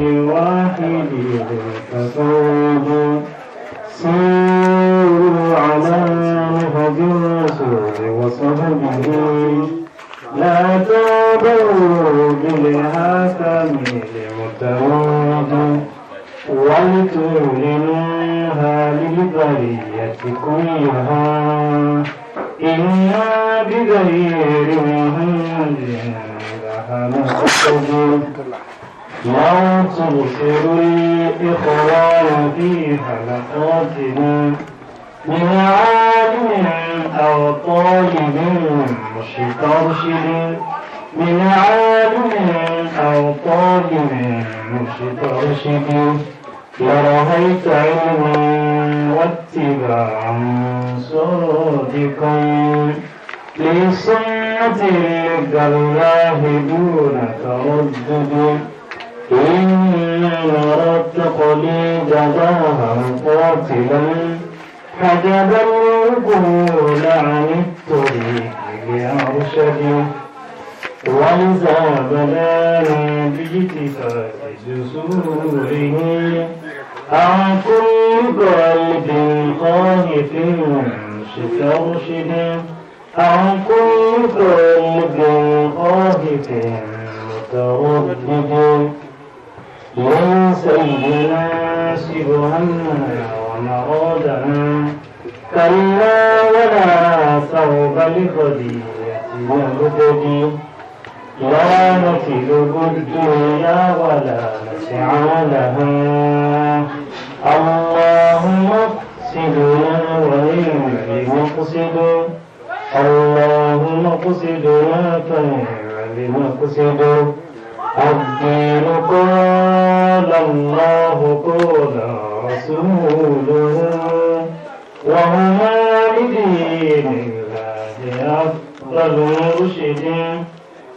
واحد فصوب صوروا على نهج الرسول وصحبه لا تعبوا بالحكم لمتواضع هذه للبرية كلها إنا بغير مهند لها نستجيب وأنصر الإخوان في حلقاتنا من عالم أو طالب مسترشد من عالم أو طالب مسترشد لرهيت علما واتباعا صادقا لسنة لك الله دون تردد إني مرضت قليل جزاها قاتلا حجب الوجود عن الطريق لأرشد وانزاب لنا باجتفاء جسوره عن كل قلب خائف مسترشد عن كل قلب خائف متردد من سيدنا شبهنا ومرادنا كلا ولا ثوب لخديعتنا بكدي لا نكذب الدنيا ولا نسعى لها اللهم اقصدنا وإنك مقصد اللهم اقصدنا فنعم المقصد الدين قال الله قال رسوله وهما لدين الله أفضل مرشد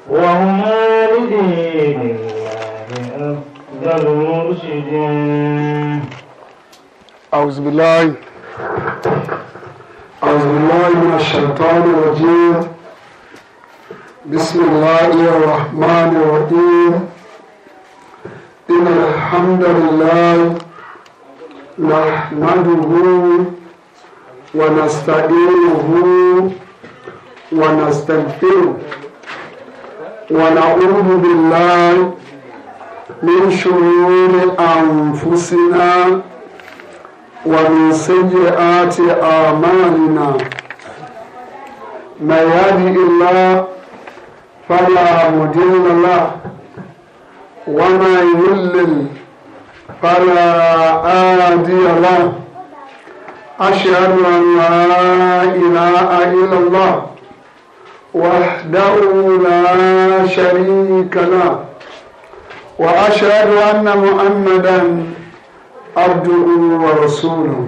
وهما لدين الله أفضل مرشد أعوذ بالله أعوذ بالله من الشيطان الرجيم بسم الله الرحمن الرحيم إن الحمد لله نحمده ونستعينه ونستغفره ونعوذ بالله من شرور أنفسنا ومن سيئات أعمالنا ما يهده الله فلا مضل له وما يضلل فلا هادي له أشهد أن لا إله إلا الله وحده لا شريك له وأشهد أن محمدا عبده ورسوله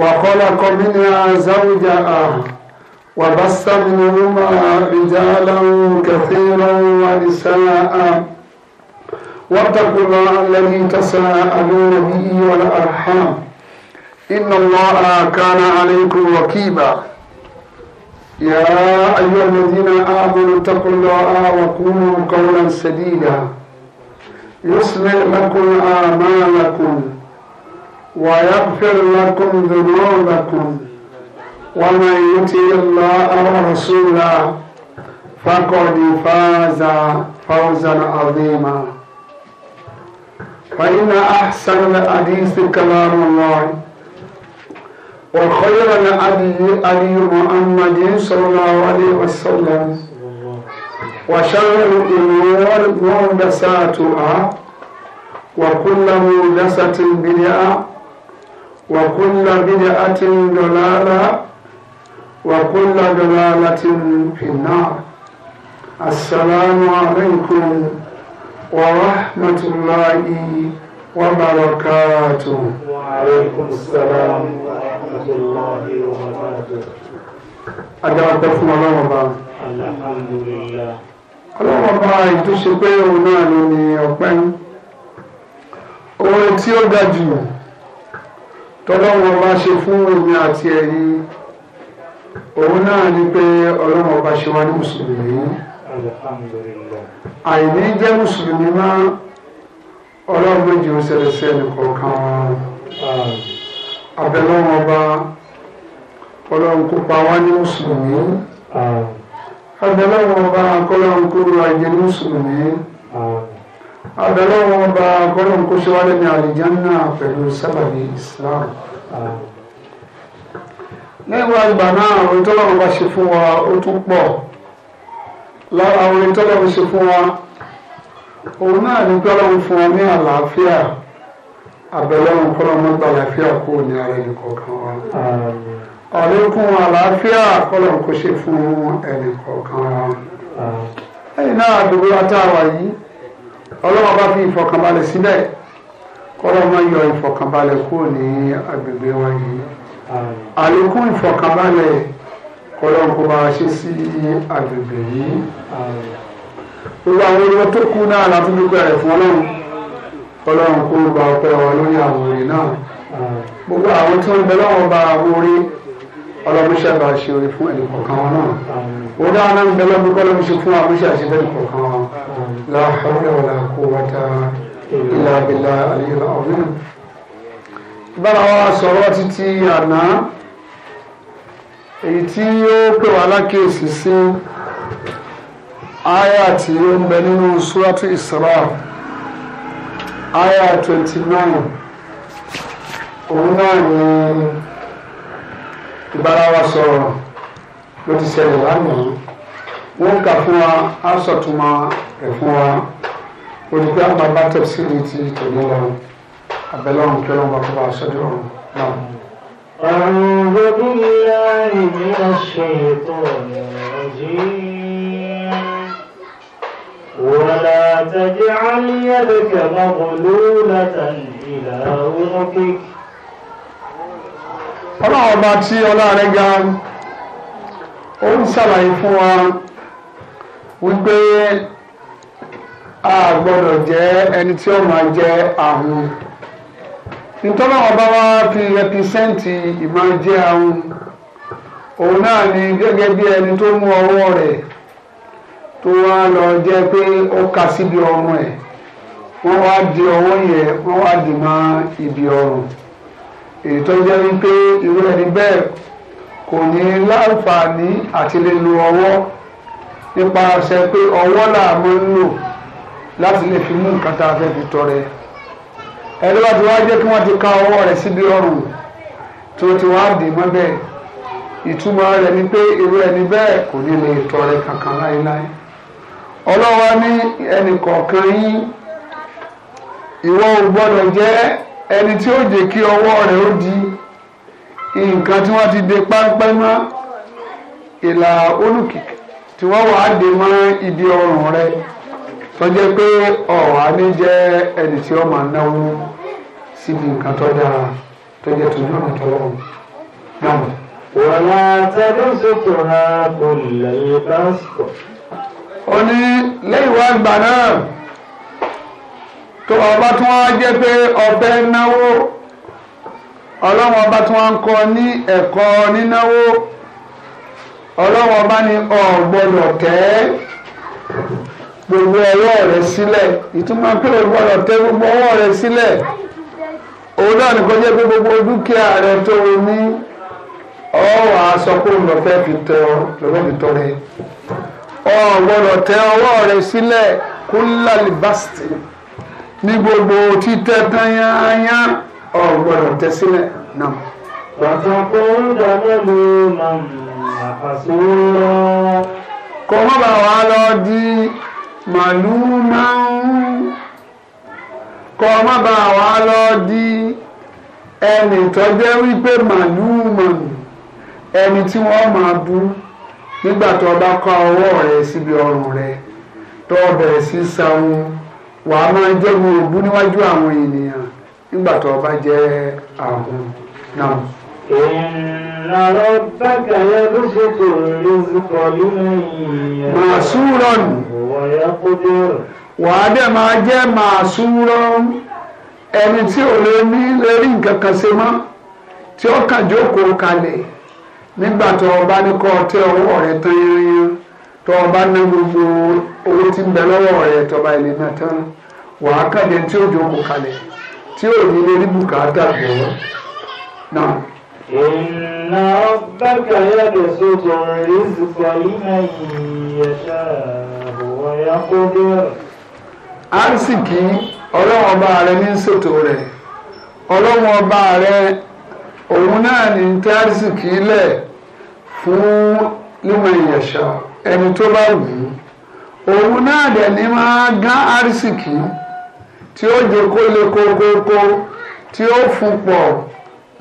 وخلق منها زوجها وبص منهما رجالا كثيرا ونساء واتقوا الله الذي تساءلون به والارحام ان الله كان عليكم وكيبا يا ايها الذين امنوا اتقوا الله وكونوا قولا سديدا يصلح لكم اعمالكم ويغفر لكم ذنوبكم ومن يطع الله ورسوله فقد فاز فوزا عظيما فإن أحسن الحديث كلام الله وخير الهدي هدي محمد صلى الله عليه وسلم وشر الأمور مهندساتها وكل مهندسة بدعة وكل بدعة ضلالة وكل ضلالة في النار السلام عليكم ورحمة الله وبركاته وعليكم السلام ورحمة الله وبركاته أدعو الله وبركاته الحمد لله ọlọ́wọ́ bá ètò ṣe pé òun náà ló tọ́lọ́wọ́n bá ṣe fún èmi àti ẹ̀yin òun náà ni pé ọlọ́run ọba ṣe wá ní mùsùlùmí àìní jẹ́ mùsùlùmí má ọlọ́run méjì ó ṣẹlẹ̀ sí wọn abẹ́lọ́run ọba ọlọ́run kó pa wá ní mùsùlùmí abẹ́lọ́run ọba kọ́lọ́run kó lu àjẹ mùsùlùmí àbẹ̀lọ́wọ́ ọba gbọ́dọ̀ kó ṣíwájú ní àlìjánná pẹ̀lú sábàbí Islam nígbà ìgbà náà orin tó lọ́wọ́ bá ṣe fún wa ó tún pọ̀ lára orin tó lọ́wọ́ ṣe fún wa òun náà ní gbọ́dọ̀ fún wa ní àlàáfíà àbẹ̀lọ́wọ́ kọ́lọ́mọ́ gba àlàáfíà kú ní ara ẹni kọ̀ọ̀kan wa àlékún àlàáfíà kọ́lọ́mọ́ kó ṣe fún ẹni kọ̀ọ̀kan wa ẹ̀yìn náà àdúgbò àtàwà yìí ọlọ́wọ́ bá fi ìfọ̀kànbalẹ̀ síbẹ̀ kọ́lọ́ máa yọ ìfọ̀kànbalẹ̀ kúrò ní agbègbè wọn yìí àlékún ìfọ̀kànbalẹ̀ kọ́lọ́ kó bá ṣe sí agbègbè yìí gbogbo àwọn olùkọ́ tó kú náà láti dúpẹ́ rẹ̀ fún ọlọ́run ọlọ́run kó gba ọpẹ́ wọn lórí àwọn orin náà gbogbo àwọn tí ń bẹ lọ́wọ́ bá orin ọlọ́run ṣàbà ṣe orí fún ẹnì kọ̀ọ̀kan wọn náà ó dáhùn náà ń bẹ lọ́dún kọ́ lọ́dún ṣe fún wa bóṣe àṣẹ fẹ́ẹ́ kọ̀ọ̀kan wọn la hawla wala quwwata illa billahi aliyyil azim. ìbára wa sọ̀rọ̀ títí àná èyí tí ó pè wá lákèésí sí àyà tí ó ń bẹ nínú suratu Isra àyà twenty nine òun náà ni ìbára wa sọ̀rọ̀ ló ti ṣẹlẹ̀ lánàá wọ́n kà fún wa á sọ̀túnmọ́ rẹ̀ fún wa olùgbé àwọn bá tẹ̀sí ní ti tòní lọ abẹ́lẹ́wọ̀n kí ọlọ́run bá kó bá aṣọ dúró náà. أعوذ بالله من الشيطان الرجيم ولا تجعل يدك مغلولة إلى عنقك ọlọ́run ọba tí ọlọ́run ga ó ń ṣàlàyé fún wa wípé a gbọ́dọ̀ jẹ́ ẹni tí ó máa jẹ́ ahụ. nítorí àwọn ọba wa fi rẹpísẹ́ǹtì ìmọ̀ jẹ́ òun náà ni gẹ́gẹ́ bí ẹni tó mú ọwọ́ rẹ̀ tó wá lọ jẹ́ pé ó kà síbi ẹ̀ wọ́n wá ibi ọrùn. èyí tó jẹ́ wípé irú ẹni bẹ́ẹ̀ kò ní láǹfààní àti lè lo ọwọ́ nípasẹ̀ pé ọwọ́ làá máa ń lò láti lè fi mú nǹkan tá a fẹ́ fi tọrẹ ẹni wá ti wá jẹ́ kí wọ́n ti ká ọwọ́ rẹ̀ síbi ọrùn tó ti wá dì mọ́ bẹ́ẹ̀ ìtumọ̀ rẹ̀ ni pé irú ẹni bẹ́ẹ̀ kò ní lè tọrẹ kankan láéláé ọlọ́wọ́ ní ẹnì kọ̀ọ̀kan yín ìwọ ò gbọ́dọ̀ jẹ́ ẹni tí ó jẹ́ kí ọwọ́ rẹ̀ ó di nǹkan tí wọ́n ti de páńpẹ́ mọ́ ìlà olùkìkì tí wọ́n wàá dè mọ́ ibi ọrùn rẹ̀ tó jẹ́ pé ọ̀wá ní jẹ́ ẹni tí ó máa náwó síbi nǹkan tó dára tó jẹ́ tó náà tó lọ́wọ́ náà. wàlá tẹlifíṣọ̀tò ha kò lè bá sọ. ó ní lẹ́yìn wá gbà náà tó ọba tí wọ́n jẹ́ pé ọbẹ̀ náwó ọlọ́run ọba tí wọ́n ń kọ ní ẹ̀kọ́ nínáwó ọlọ́run ọba ní ọ̀gbọ́dọ̀ kẹ́ gbogbo ọwọ́ rẹ̀ sílẹ̀ ìtumọ̀ pé o gbọ́dọ̀ tẹ gbogbo ọwọ́ rẹ̀ sílẹ̀ òun náà nìkan jẹ́ pé gbogbo dúkìá rẹ̀ tó o ní ọwọ́ aṣọ kó lọ fẹ́ fi tẹ ọ lọ́wọ́ fi tọrẹ ọ gbọ́dọ̀ tẹ ọwọ́ rẹ̀ sílẹ̀ kúlálì básítì ní gbogbo títẹ tán yáyá ọ gbọ́dọ̀ tẹ sílẹ̀ náà. wàtàkùn dáná ló máa ń àfàsúrọ. kò má bàa wá lọ di màlúù máa ń kò má bàa wá lọ di ẹnì tó wípé màlúù máa ń ẹni tí wọ́n máa bú nígbà tó bá kọ ọwọ́ rẹ̀ síbi ọrùn rẹ̀ tó bẹ̀rẹ̀ sí sanwó. wà á máa jẹ́ mi òbú níwájú àwọn ènìyàn nígbà tó o jẹ́ ààbùn náà. Inna rabbaka yabsutu rizqa liman yasha. Màsúrọ̀n. ya yaqdir. Wà á dẹ̀ máa jẹ́ màsúrọ̀n ẹni tí ò lè ní lè rí nǹkan kan ṣe mọ́ tí ó kàn jókòó kalẹ̀ nígbà tó o ní kọ́ tó o bá gbogbo owó tí ń bẹ lọ́wọ́ rẹ o ilé náà tán ka tí ó jọ kó kalẹ̀ tí ò ní lè rí bùkátà gbọ́ náà. إن ربك يبسط الرزق لمن يشاء ويقدر arísìkí ọlọ́run ọba rẹ òun náà fún ẹni tó bá wù ú òun náà dẹ̀ ni máa gán àrísìkì tí ó jẹ le kókókó tí ó fún pọ̀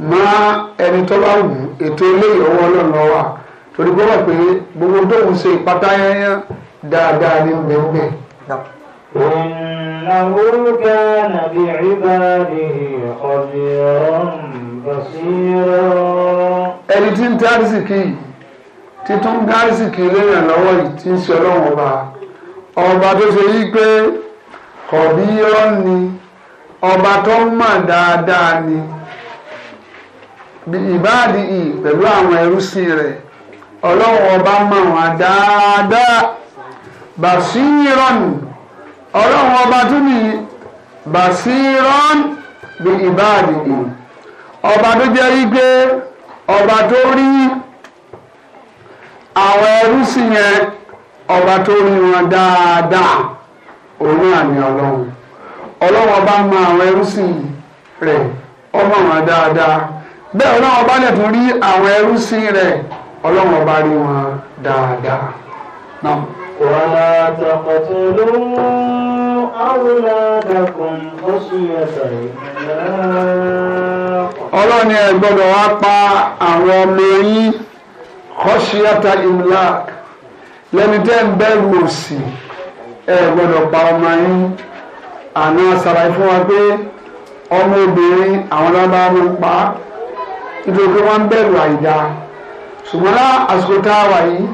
mọ́ ẹni tó bá wù ú ètò eléyìí ọwọ́ ọlọ́run lọ́wọ́ torí gbọ́ pé gbogbo tóun ṣe ìpátá yẹnyẹn dáadáa ní bẹ́ẹ̀ إنه كان بعباده خبيرا بصيرا. ẹni tí ń tẹ́ yìí títún gáàsì kéré yàn lọ́wọ́ yìí tí ń ṣe ọlọ́run ọba ọba tó ṣe yí pé kọ̀bíyọ́ ni ọba tó mọ̀ dáadáa ni ìbáàdì yìí pẹ̀lú àwọn ẹrúsìn rẹ̀ ọlọ́run ọba mọ̀ wọn dáadáa bàṣírọ́nù ọlọ́run ọba tún ní bàṣírọ́nù bí ìbáàdì yìí ọba tó jẹ́ igbe ọba tó rí. àwọn ẹrú sì yẹn ọba tó ní wọn dáadáa òun àmì àwọn ẹrú sì ọmọ wọn dáadáa bẹ́ẹ̀ ọba lè tún rí àwọn ẹrú rẹ, rẹ̀ ọlọ́run ọba rí wọn dáadáa. ولا تقتلوا أولادكم خشية إملاق. kọ́síyàtà imlak lẹ́ni tẹ́ ń bẹ̀rù òsì ẹ gbọ́dọ̀ pa ọmọ yín àná ṣàlàyé fún wa pé ọmọ obìnrin àwọn lábá ló ń pa nítorí pé wọ́n ń bẹ̀rù àìdá ṣùgbọ́n lá àsìkò tá a wà yìí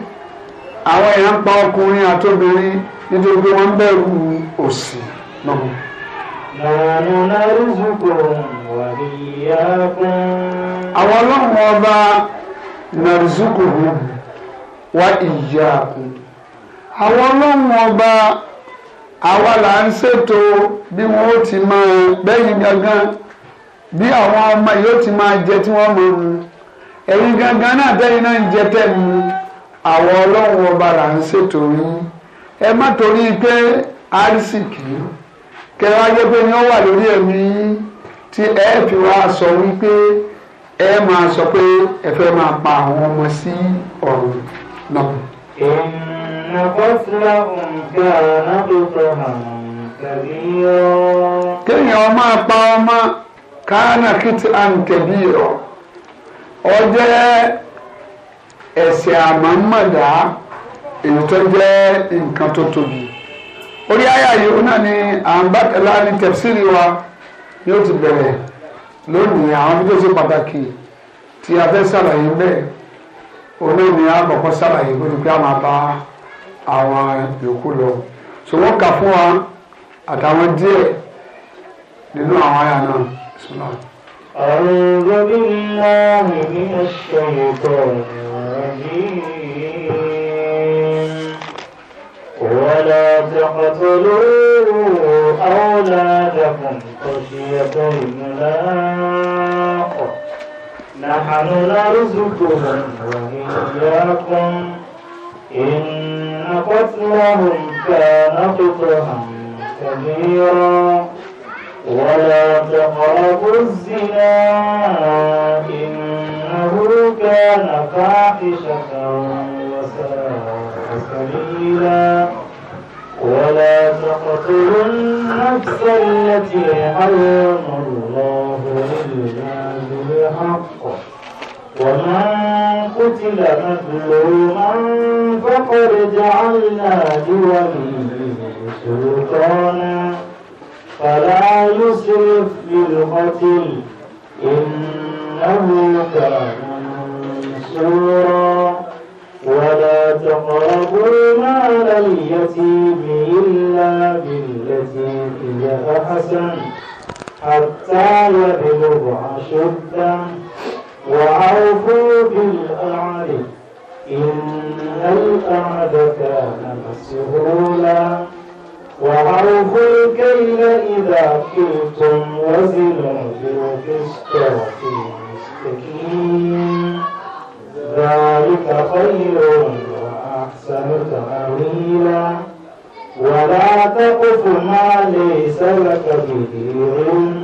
àwọn èèyàn ń pa ọkùnrin àtobìnrin nítorí pé wọ́n ń bẹ̀rù òsì náà. Nàánú náà rúbùkún wà ní ìyá kún. Àwọn ọlọ́run ọba narzuquhum wa iyyakum àwọn ọlọ́run ọba àwa là ń ṣètò bí wọn ti máa bẹ́yìn gangan bí àwọn ọmọ yìí ó ti máa jẹ tí wọ́n máa mu gangan náà bẹ́yìn náà ń jẹ tẹ̀ mu ọba là ń ṣètò yín ẹ má torí pé arísìkì kẹwàá jẹ́ pé ni ó wà lórí ẹ̀mí tí ẹ fi wá ẹ máa sọ pé ẹ fẹ́ máa pa àwọn ọmọ sí ọ̀run náà. ìnà kọ́sílá òǹkà anábòtò àrùn tẹ̀lé ọ́. kéèyàn máa pa ọmọ kánà kìtì à ń tẹ̀lé ọ ọ jẹ́ ẹ̀ṣẹ̀ àmọ́mọ́dá èyí tó jẹ́ nǹkan tó tóbi orí ayé àyè náà ni à ń bá lónìí àwọn nílò ṣe pàtàkì tí a fẹ́ ṣàlàyé bẹ́ẹ̀ olóòní àkọ́kọ́ ṣàlàyé lórí pé a máa bá àwọn yòókù lọ so wọ́n kà fún wa àtàwọn díẹ̀ nínú àwọn àyà náà sọlá. أعوذ بالله من الشيطان الرجيم ولا تقتلوا أولادكم خشية إملاق نحن نرزقهم وإياكم إن قتلهم كان خطئا كبيرا ولا تقربوا الزنا إنه كان فاحشة وساء سبيلا ولا تقتلوا النفس التي حرم الله إلا بالحق ومن قتل مظلوما فقد جعلنا لوليه سلطانا فلا يسرف في القتل إنه كان منصورا ولا تقربوا مال اليتيم إلا بالتي هي أحسن حتى يبلغ أشده وعوفوا بالأعد إن الأعد كان مسهولا وعوفوا الكيل إذا كلتم وزنوا بالقسط المستكين ذلك خير أحسن تأويلا ولا تقف ما ليس لك به علم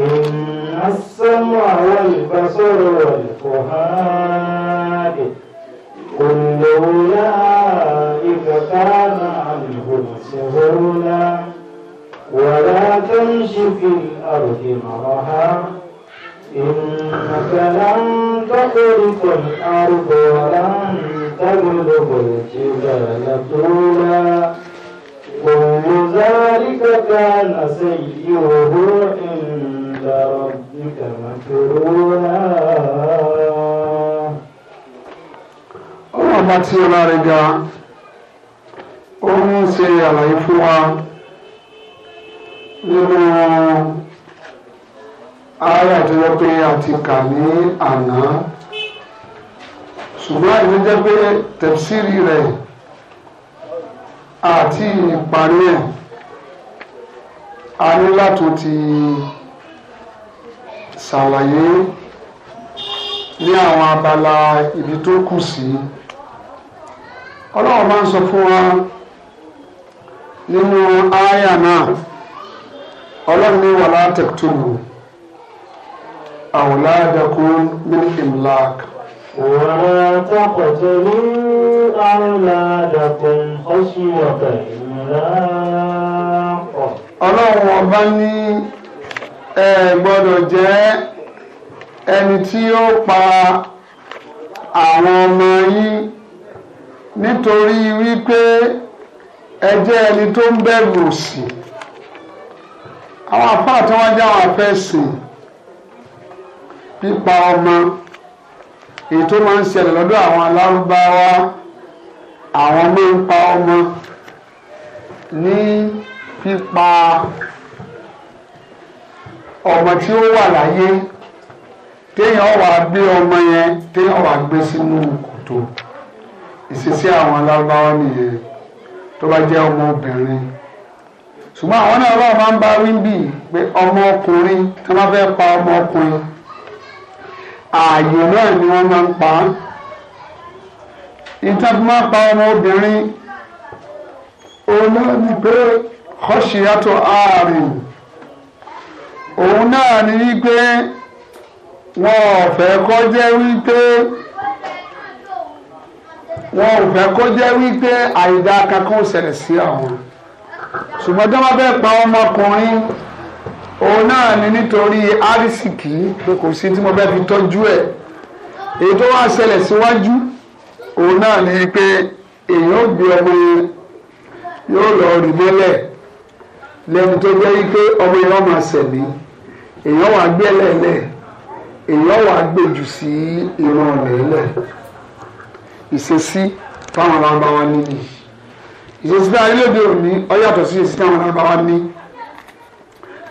إن السمع والبصر والفؤاد كل أولئك كان عنه مسؤولا ولا تمش في الأرض مرها إنك لن تخرق الأرض ولن تجد كنت طولا كل ذلك كان سيئه عند ربك مكرونا ọlọ́run bá tí ọlá rẹ̀ ga ó ń ṣe àlàyé fún wa nínú ayé àtúnyọ́ pé a àná ṣùgbọ́n àìní jẹ́ pé tẹ̀síìrì rẹ̀ àti ìparí ẹ̀ a ní láti ti ṣàlàyé ní àwọn abala ibi tó kù sí ọlọ́run máa ń sọ fún wa nínú ááyà náà ọlọ́run ní wàlá tẹ̀kítọ́lù àwòlá dẹkùn mílíkì mìlák ولا تقتلوا أولادكم خشية إملاق ọlọ́run ọba ní ẹ gbọ́dọ̀ jẹ́ ẹni tí ó pa àwọn ọmọ yín nítorí wípé ẹ jẹ́ ẹni tó ń bẹ̀rù òṣì àwọn àfáà tí wọ́n jẹ́ àwọn afẹ́sìn pípa ọmọ ètò máa ń ṣẹlẹ̀ lọ́dọ̀ àwọn alárúbáwá àwọn máa ń pa ọmọ ní pípa ọmọ tí ó wà láyé téèyàn wà gbé ọmọ yẹn téèyàn wà gbé sínú kòtò ìṣesí àwọn alárúbáwá nìyẹn tó bá jẹ́ ọmọ obìnrin ṣùgbọ́n àwọn náà lọ́wọ́ máa ń bá wíńbì pé ọmọ ọkùnrin tí wọ́n fẹ́ pa ọmọ ọkùnrin ààyè náà ni wọ́n máa ń pa á ìtàkùn máa pa ọmọ obìnrin òun náà ni pé kọ́ṣíyàtọ̀ ààrin òun náà ni wípé wọn ò fẹ́ kó jẹ́ wípé wọn ò fẹ́ kó jẹ́ wípé àìdá kankan ṣẹlẹ̀ sí àwọn ṣùgbọ́n tí wọ́n pa ọmọkùnrin. òun náà ni nítorí arísìkì pé kò sí tí mo bẹ́ẹ̀ fi tọ́jú ẹ̀ èyí tó wá ṣẹlẹ̀ síwájú òun náà ni pé èèyàn gbé ọmọ yóò lọ rí mọ́lẹ̀ lẹ́nu tó jẹ́ pé ọmọ yẹn máa sẹ̀mí èèyàn wà gbé ẹlẹ́ẹ̀lẹ́ èèyàn wà gbèjù sí ìran ìṣesí ni ìṣesí táwọn ilé òde òní yàtọ̀ ni.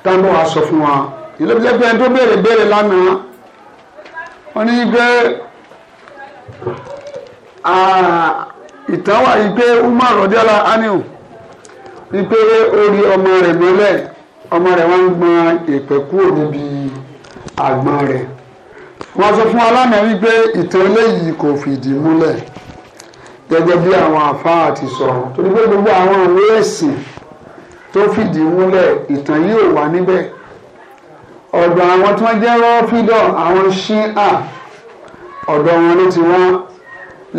táwọn wa sọ fún wa ìlú bí lẹ́gbẹ̀ẹ́ tó béèrè béèrè lánàá wọ́n ní pé ìtàn wà yìí pé Umar rọ̀díọ́lá aniu ní pé ó rí ọmọ rẹ̀ mọ́lẹ̀ ọmọ rẹ̀ wọ́n ń gbọn ìpẹ́ kúrò níbi àgbọn rẹ̀ wọ́n sọ fún wa lánàá wípé ìtàn eléyìí kò fìdí múlẹ̀ gẹ́gẹ́ bí àwọn àfáà ti sọ torí pé gbogbo àwọn ìwé ẹ̀sìn tó fìdí múlẹ̀ ìtàn yìí ò wà níbẹ̀ ọ̀dọ̀ àwọn tí wọ́n jẹ́ rọ́fídọ̀ àwọn ṣíà ọ̀dọ̀ wọn ló ti wá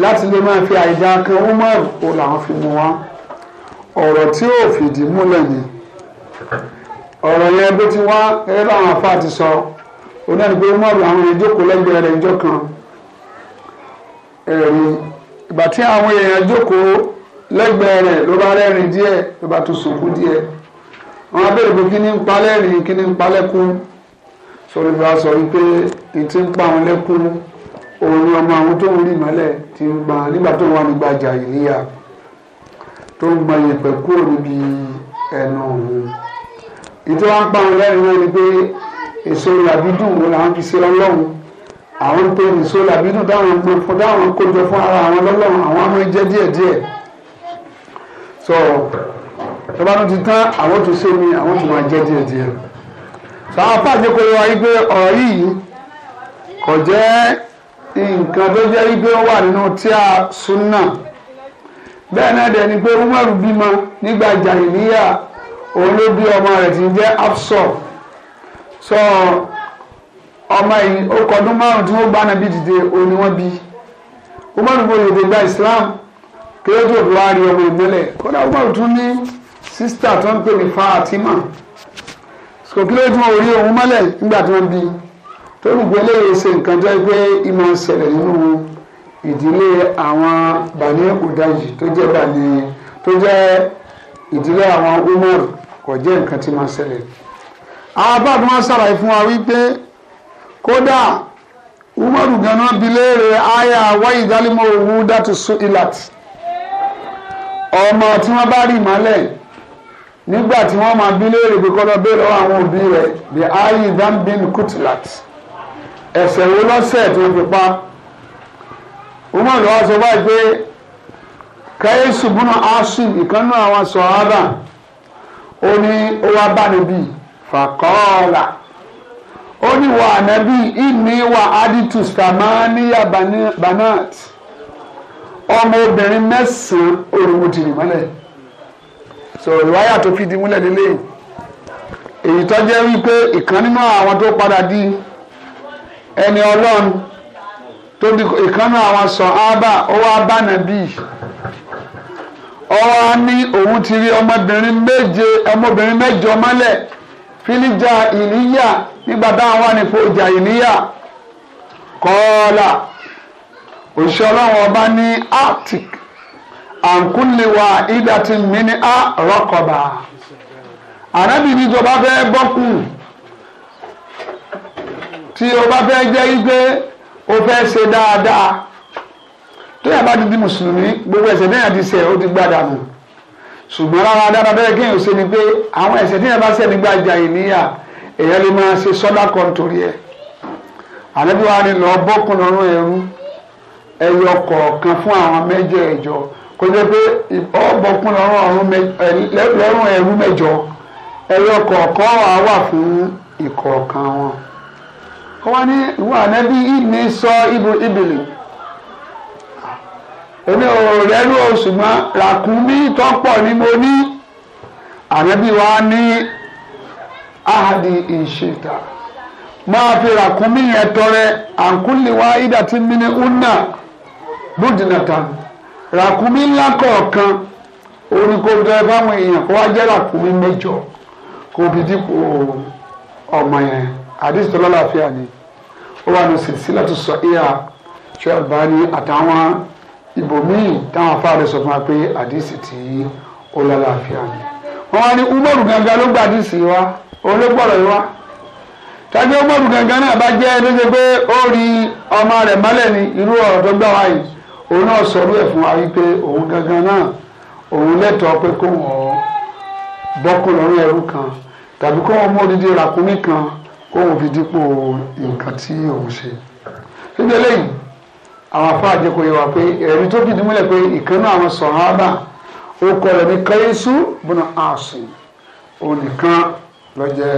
láti lè máa fi àìdá kan umar ó làwọn fi mú wá ọ̀rọ̀ tí ò fìdí múlẹ̀ ni ọ̀rọ̀ yẹn bó ti wá eré àwọn afá ti sọ onáni pé umar àwọn ìjókòó lẹ́gbẹ̀ẹ́ rẹ̀ ìjọ kan ẹ̀rí ìgbà tí àwọn èèyàn jókòó lẹ́gbẹ̀ẹ́ rẹ̀ ló bá rẹ́rìn díẹ̀ ló bá tún sunkún díẹ̀ wọn á bèrè pé kí ni ń pa lẹ́rìn kí ni ń pa lẹ́kún sọ̀rọ̀ ìgbà sọ wípé ní ti ń pa àwọn lẹ́kún òun ni ọmọ àwọn tó ń rí mọ́lẹ̀ ti ń gbà nígbà tó wà nígbà jàìlíyà tó ń gbọn ìpẹ́ kúrò níbi ẹnu òun ìtí wọn ń pa àwọn lẹ́rìn náà ni pé èso làbídùn òun làwọn fi ṣe ọlọ́run àwọn tó èso làbídùn táwọn kójọ fún ara àwọn lọ́lọ́run àwọn á máa jẹ so tọ́ba tó ti tán àwọn tó ṣe ni àwọn tó máa jẹ́ díẹ̀ díẹ̀ so àwọn apá àjẹkọ yọ wáyé pé ọ̀rọ̀ yìí kò jẹ́ nǹkan tó jẹ́ wípé wà nínú náà ni pé Umaru bímọ nígbà jàhìlíyà òun ló bí ọmọ ti so ọmọ yìí ó kọdún márùn tí nàbí Umaru bó lè dé Islam. kí ló tó wá rí ọmọ ìmọ́lẹ̀ kódà ó báwo tún ní sísítà tó ń pè ní Fatima sọ kí ló tó orí òun mọ́lẹ̀ nígbà tó ń bi tó ń gbé léyè ṣe nǹkan tó ń pé ìmọ̀ ṣẹlẹ̀ nínú ìdílé àwọn Bani Udayi tó jẹ́ bani tó jẹ́ ìdílé àwọn Umar kò jẹ́ nǹkan tí máa ṣẹlẹ̀ àwọn abáàbí wọn ṣàlàyé fún wa wípé kódà Umaru ganan bi léèrè àyà wáyé ìdálẹ́mọ̀ òwú dátù sùn ìlàtì ọmọ tí wọ́n bá rí mọ́lẹ̀ nígbà tí wọ́n máa bí léèrè pé kọ́lọ́ bẹ́ẹ̀ lọ́wọ́ àwọn òbí rẹ̀ the ayi dambin kutlat ẹ̀sẹ̀ wo lọ́sẹ̀ wọ́n fi pa umar lọ́wọ́ sọ báyìí pé kẹ́yẹ́sù búnú asim ìkànnú àwọn sọ̀hábà ó ní ó wá bá níbí fàkọ́ọ̀là ó ní wà nábì ìní wà ádìtù sàmáníyà banat. Bana, ọmọ obìnrin mẹ́sàn-án olùmùtì mọlẹ so ìwáyà tó fi di múlẹ̀ nílé èyí tó jẹ́ wípé ìkan nínú àwọn tó di ẹni ọlọ́run tó di ìkan nínú àwọn sọ ábà ó wá bá ọwọ́ á ní òun ti rí ọmọbìnrin méje ọmọbìnrin mẹ́jọ mọ́lẹ̀ fílíjà ìníyà nígbà táwọn wà òṣìṣẹ́ ọlọ́run ọba ní arctic àǹkúnlẹ̀wà ìdàtí mi ní a rọ́kọ̀bà ànábì ní tó bá fẹ́ bọ́kù tí o bá fẹ́ jẹ́ igbe o fẹ́ ṣe dáadáa tó yà bá ti di mùsùlùmí gbogbo ẹ̀ṣẹ̀ náà ti ṣẹ̀ ó ti gbàdà nù ṣùgbọ́n rárá dáadáa bẹ́ẹ̀ kéèyàn ò ṣe ni pé àwọn ẹ̀ṣẹ̀ tí bá ṣẹ̀ nígbà ìjà ìníyà èèyàn lè máa ṣe sọ́dá kan torí ẹ̀ ànábì wa ni lọ́ọ́ bọ́kùn lọ́rùn ẹ̀rú ẹyọ kọ̀ọ̀kan fún àwọn mẹ́jẹ̀ẹ̀jọ kò jẹ́ pé ọ̀bọ̀kún lọ́rùn ẹrú mẹ́jọ ẹyọ kọ̀ọ̀kan wà wà fún ìkọ̀ọ̀kan wọn. wọ́n ní ìwọ ànábì ìní sọ ibù ìbìlì èmi ò rẹ́rú o ṣùgbọ́n ràkúnmí tó pọ̀ ni mo ní ànábì wa ní ahadi ìṣèta máa fi ràkúnmí yẹn tọrẹ àǹkúlì wa ìdàtí mi ní una búdìnàtàn ràkúnmí ńlá kọ̀ọ̀kan oníkóńtò ẹ fáwọn èèyàn kó wá jẹ́ ràkúnmí mẹ́jọ kó fi dípò ọmọ yẹn àdìsí tó lọ́láfíà ni ó wà ní sìlẹ̀ tó sọ ìyá ṣé ọba ní àtàwọn ibòmíì táwọn afáàlẹ̀ sọ fún wa pé àdìsí tí ó lọ́láfíà ni wọ́n wá ní umaru gangan ló gba àdìsí wa olóògbọ̀rọ̀ yìí wá tàbí umaru gangan náà bá jẹ́ ẹni tó ṣe pé ó rí ọmọ rẹ̀ mọ́lẹ̀ ní irú ọ̀rọ̀ tó gbà wáyìí òun náà sọ wíwẹ̀ fún wa wípé òun gangan náà òun lẹ́tọ̀ọ́ pé kó wọ́n bọ́kú lọ́rùn ẹrú kan tàbí kó wọ́n mú odidi ràkúnmí kan kó wọ́n fi dípò nǹkan tí òun ṣe. síbi eléyìí àwọn afọ àjẹkọ yẹ wá pé ẹ̀rí tó fìdí múlẹ̀ pé ìkànnì àwọn sọ̀hánà ó kọ rẹ̀ ní bùnà àṣù òun nìkan lọ́jẹ́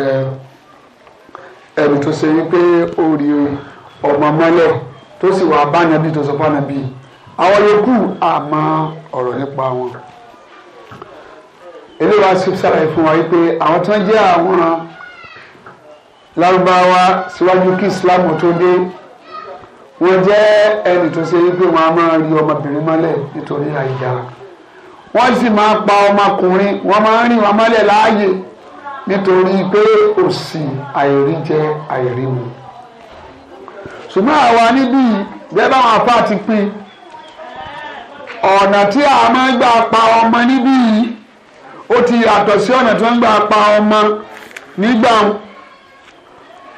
ẹ̀rí tó ṣe wípé ó rí ọmọ mọ́lẹ̀ tó sì wà bá nàbí tó sọ fún nàbí yìí àwọn yòókù àmọ́ ọ̀rọ̀ nípa wọn eléwàá sì ṣàlàyé fún wa wípé àwọn tó ń jẹ́ àwọn lárúbáwá síwájú kí islam tó dé wọ́n jẹ́ ẹni tó ṣe wípé wọ́n á máa rí ọmọbìnrin mọ́lẹ̀ nítorí àìjà wọ́n sì máa pa ọmọkùnrin wọ́n máa rìn wọn mọ́lẹ̀ láàyè nítorí pé òṣì àìrí jẹ àìrí mu ṣùgbọ́n àwa níbí bẹ́ẹ̀ báwọn afá ti pín ọ̀nà tí a máa ń gbà pa ọmọ níbí yìí ti yàtọ̀ sí ọ̀nà tí wọ́n ń gbà pa ọmọ nígbà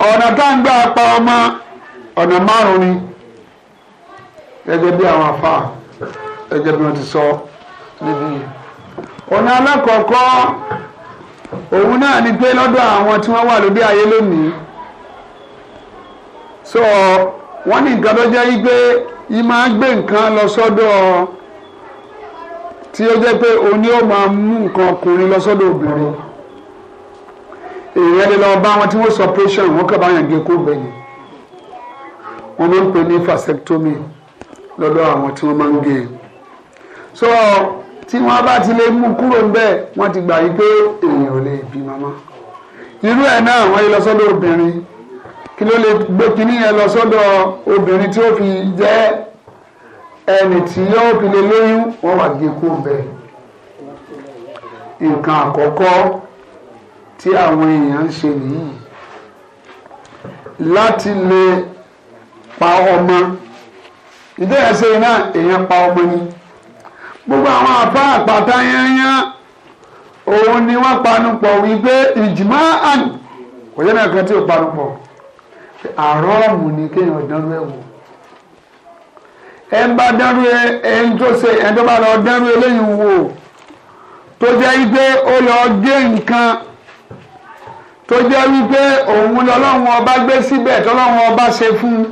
ọ̀nà ń gbà pa ọmọ ọ̀nà márùn ni bí àwọn afa gẹ́gẹ́ bí wọ́n ti sọ níbí yìí ọ̀nà alákọ̀ọ́kọ́ òun náà ni pé lọ́dọ̀ àwọn tí wọ́n wà lórí ayé lónìí so wọ́n ní nǹkan tó jẹ́ wípé gbé nǹkan lọ sọ́dọ̀ tí ó jẹ́ pé oní ó máa mú nǹkan ọkùnrin lọ sọ́dọ̀ obìnrin èèyàn lè lọ bá wọn tí wọ́n sọ operation wọ́n kàn bá yàn gé kó bẹ̀ ni wọ́n máa ń pè ní vasectomy lọ́dọ̀ àwọn tí wọ́n máa ń gé so tí wọ́n bá ti lè mú kúrò bẹ́ẹ̀ wọ́n ti gbà yí pé èèyàn ò lè bí mama irú ẹ̀ náà wọ́n yí lọ sọ́dọ̀ obìnrin kí ló lè gbé kinní yẹn lọ sọ́dọ̀ obìnrin tí ó fi jẹ́ ẹni tí yóò fi lè lóyún wọ́n wà gé kó bẹ́ẹ̀ nǹkan àkọ́kọ́ tí àwọn èèyàn ṣe nìyí láti lè pa ọmọ ìdíyà si náà èèyàn pa ọmọ ni gbogbo àwọn apá àpáta yányán òun ni wọ́n panupọ wípé kò kan tí ò ni kéèyàn ẹ ń bá dánrú ẹni tó ṣe ẹni tó bá lọ dánrú eléyìí wò tó jẹ́ wípé ó lọ gé nǹkan tó jẹ́ wípé òun lọ́lọ́run ọba gbé síbẹ̀ tọ́lọ́run ọba ṣe fún un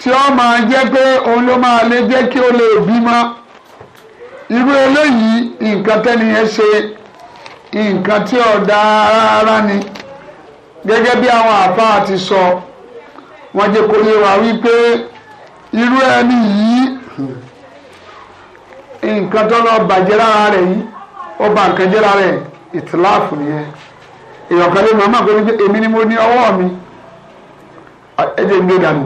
tí ó máa jẹ́ pé òun ló máa lè jẹ́ kí ó lè bímọ irú eléyìí nǹkan tẹ́niyẹn ṣe nǹkan tí ò dáa ni gẹ́gẹ́ bí àwọn àfáà ti sọ wọ́n jẹ́ kó lè wá wípé. irú ẹni yìí nǹkan tó lọ bàjẹ́ lára rẹ̀ yìí ó ba nǹkan jẹ́ lára rẹ̀ ìtìláàfù nìyẹn ni mo ní ọwọ́ mi ẹ̀jẹ̀ mi ló dànù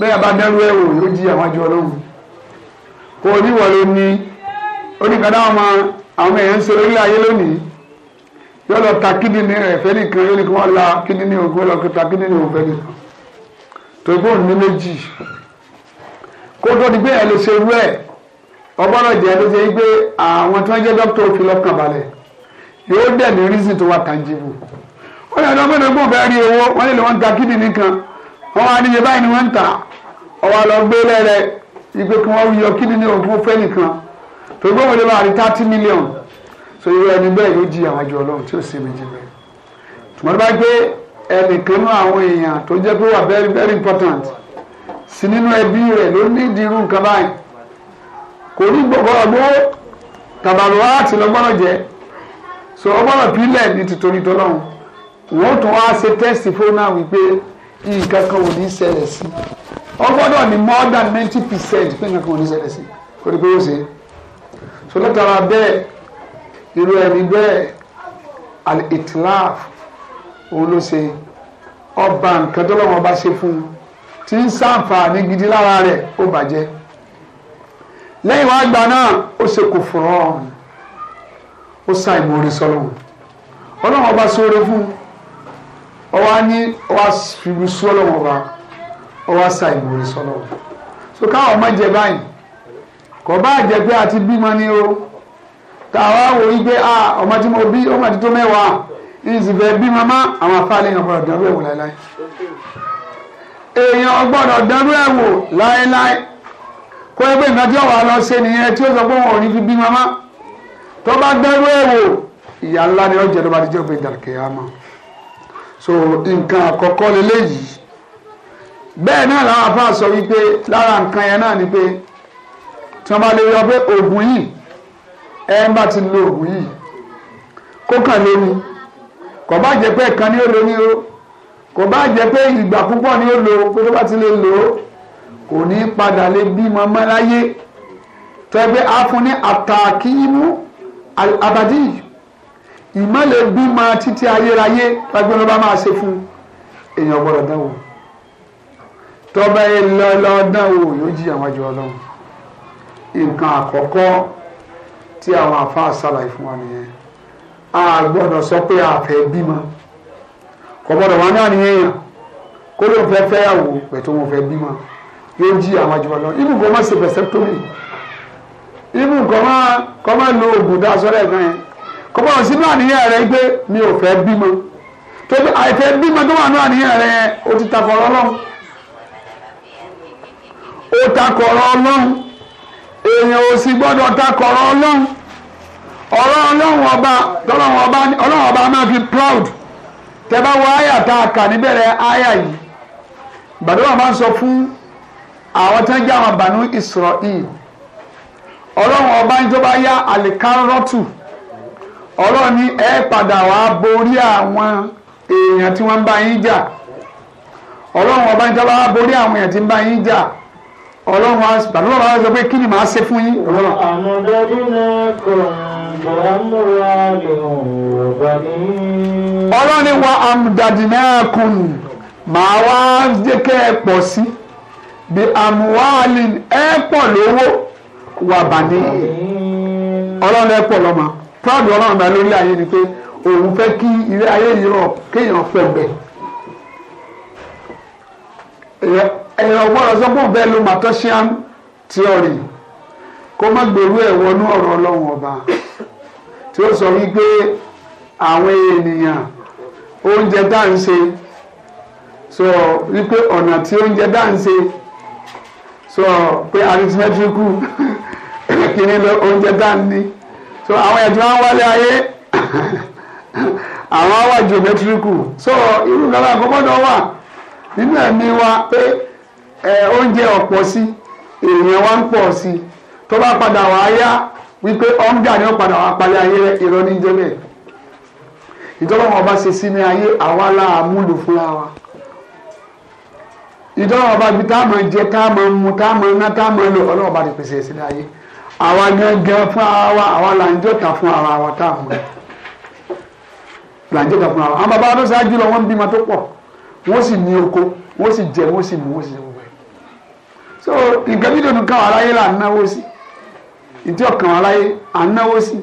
bẹ́ẹ̀ bá dẹ́rù ẹ̀ wò ló jí àwọn àjọ ọlọ́run kò níwọ̀ ló ní oníkadà ọmọ àwọn èèyàn ń ṣe orílẹ̀ ayé lónìí yóò lọ ta kó tó di pé ẹ lè ṣerú ẹ ọgbọ́dọ̀ jẹ́ ló ṣe gbé àwọn tí wọ́n jẹ́ dókítà òfin lọ́kàn balẹ̀ yóò dẹ̀ ní reason tó wà tangible ó lè lọ́ mẹ́rin gbọ́n bẹ́ẹ̀ rí owó wọ́n lè lọ́ wọn ta kídì nìkan wọ́n wá níye báyìí ni wọ́n ń tà ọwọ́ lọ gbé lẹ́rẹ̀ ìgbé kí wọ́n yọ kídì ní òfin fẹ́ nìkan tó gbọ́n wọlé bá rí thirty million so irú ẹni bẹ́ẹ̀ yóò jí àwọn àjọ ọlọ́run tí ó sì méjì bẹ́ẹ̀ tùmọ̀ very very important sí nínú ẹbí rẹ̀ ló ní ìdírú nǹkan báyìí kò ní gbogbo ọgbọ́n tàbàrò àti lọ́gbọ́n jẹ́ so ọgbọ́n pílẹ̀ ní tìtorí tọ́lọ́hún wọ́n tún wá ṣe tẹ́sì fóònù náà wípé nǹkan kan ò ní ṣẹlẹ̀ sí ọgbọ́dọ̀ ní more than ninety percent pé nǹkan kan ò ní ṣẹlẹ̀ sí kò ní pé ó ṣe so látara bẹ́ẹ̀ irú ẹni bẹ́ẹ̀ al-itlaf òun ló ṣe ọba nǹkan tọ́lọ́wọ́n bá ṣe fún un tí ń sàǹfààní gidi lára rẹ̀ ó bàjẹ́ lẹ́yìn wá náà ó ṣe kò fọ̀rọ̀ ọ̀hún ó sa ìmoore sọlọ́hún ọlọ́run ọba sóore fún ọwọ́ á ní ọwọ́ fìlú ọlọ́run ọba ọwọ́ á sa so káwọn ọmọ jẹ báyìí kò bá jẹ pé àti bímọ ni o pé ọmọ tí mo bí ọmọ tí tó mẹ́wàá bímọ má àwọn afáàlẹ́ yẹn ọ̀pọ̀lọpọ̀ ìdánwò ẹ̀wò èèyàn gbọ́dọ̀ dẹrú ẹ̀ wò láéláé kó ẹgbẹ́ nǹkan tí ọ̀wà lọ ṣe nìyẹn tí ó sọ pé wọn ò ní fi bí mama tó bá dẹrú ẹ̀ wò ìyá ńlá ni ó jẹ tó bá ti jẹ́ òfin ìdàkẹ́ àmọ́ so nǹkan àkọ́kọ́ lélẹ́yìí bẹ́ẹ̀ náà làwọn afá sọ wípé lára nǹkan yẹn náà ni pé tí wọ́n bá lè yọ pé oògùn yìí ẹ ń bá ti lo oògùn yìí kó kàn lómi kò bá jẹ́ pé ẹ̀kan ó lómi o kò bá jẹ́ pé ìgbà púpọ̀ ni ó lò pé tó bá ti lè lò ó kò ní padà lè bímọ mọ́láyé tẹ́gbẹ́ á fún ní àtàkìmú abadí ìmọ̀lẹ̀ bímọ títí ayérayé lágbẹ́ ló bá máa ṣe fún èèyàn gbọ́dọ̀ dánwò tọ́ba yẹ lọ lọ dánwò yóò jí àwọn àjọ ọlọ́run nǹkan àkọ́kọ́ tí àwọn àfa àṣàlàyé fún wa nìyẹn a gbọ́dọ̀ sọ pé a fẹ́ bímọ kò gbọ́dọ̀ wá náà nìyẹn kó ló ń fẹ́ fẹ́yàwó pẹ̀tọ́ wọn fẹ́ bímọ yóò jí àwọn àjùmọ̀ lọ ibù kò má ṣe vasectomy ibù kò má kò má lo oògùn dá sọ́rọ̀ ẹ̀gbọ́n yẹn kò bá wọn sínú àníyàn rẹ pé mi ò fẹ́ bímọ tó bí àìfẹ́ bímọ tó wà ní àníyàn rẹ yẹn ó ti takọ̀ ọlọ́run ó takọ̀ ọlọ́run èèyàn ò sì gbọ́dọ̀ takọ̀ ọlọ́run ọlọ́run ọba ọlọ́run ọba máa fi proud. tẹ́ bá wọ àyà tá a kà níbẹ̀rẹ̀ àyà yìí gbàdúrà máa ń sọ fún àwọn tí wọ́n jẹ́ àwọn ọlọ́run ọba ní tó bá yá àlìkárọ́tù ọlọ́run ní ẹ padà wá borí àwọn èèyàn tí wọ́n ń jà. ọlọ́run wa tàbí ọlọ́run wa sọ pé kí ni màá ṣe fún yín. àmọ̀dájú náà kò bọ́múra lè wà ní. ọlọ́run ni wa àmùdàdì náà kùn màá wá jẹ́ kẹ́ ẹ pọ̀ sí bí àmúwáàlì ẹ pọ̀ lówó wà bàní. ọlọ́run ẹ pọ̀ lọ́mọ proud ọlọ́run bá lórí ayé ni pé òun fẹ́ kí ilé ayé yìí rọ̀ kéèyàn fẹ́ bẹ̀ ẹ̀yìn ọgbọ́n ọ̀sán kò bẹ́ẹ̀ lo matosian theory kó má gbèrú ẹ̀ wọnú ọ̀rọ̀ ọlọ́run ọba tí ó sọ wípé àwọn ènìyàn oúnjẹ dá ń ṣe sọ wípé ọ̀nà tí oúnjẹ dá ń ṣe sọ pé arithmetical kìíní lọ oúnjẹ dá ń ní so àwọn ẹ̀jẹ̀ wọn wálé ayé àwọn wà geometrical so irú kan láàbò gbọ́dọ̀ wà nínú ẹ̀mí wa pé. Eh, oúnjẹ ọ̀pọ̀ sí èèyàn wa ń pọ̀ sí tó bá padà wá yá wípé ni padà parí ayé rẹ̀ ní jẹ́bẹ̀ ìtọ́lọ́wọ́n ọba ṣe sí ní ayé àwa la àmúlò fúnra wa ọba bíi táàmù jẹ táàmù mu táàmù ná táàmù lò ọlọ́wọ́n ọba ti pèsè sí ní ayé àwa gangan fún ara wa àwa là ń jọ́ta fún ara wa táàmù là ń fún ara wa àwọn bàbá wa ṣáájú lọ bímọ tó pọ̀ so nǹkan bí dòdò kan aráyé là ń náwó sí ìdí ọ̀kan aráyé à ń náwó sí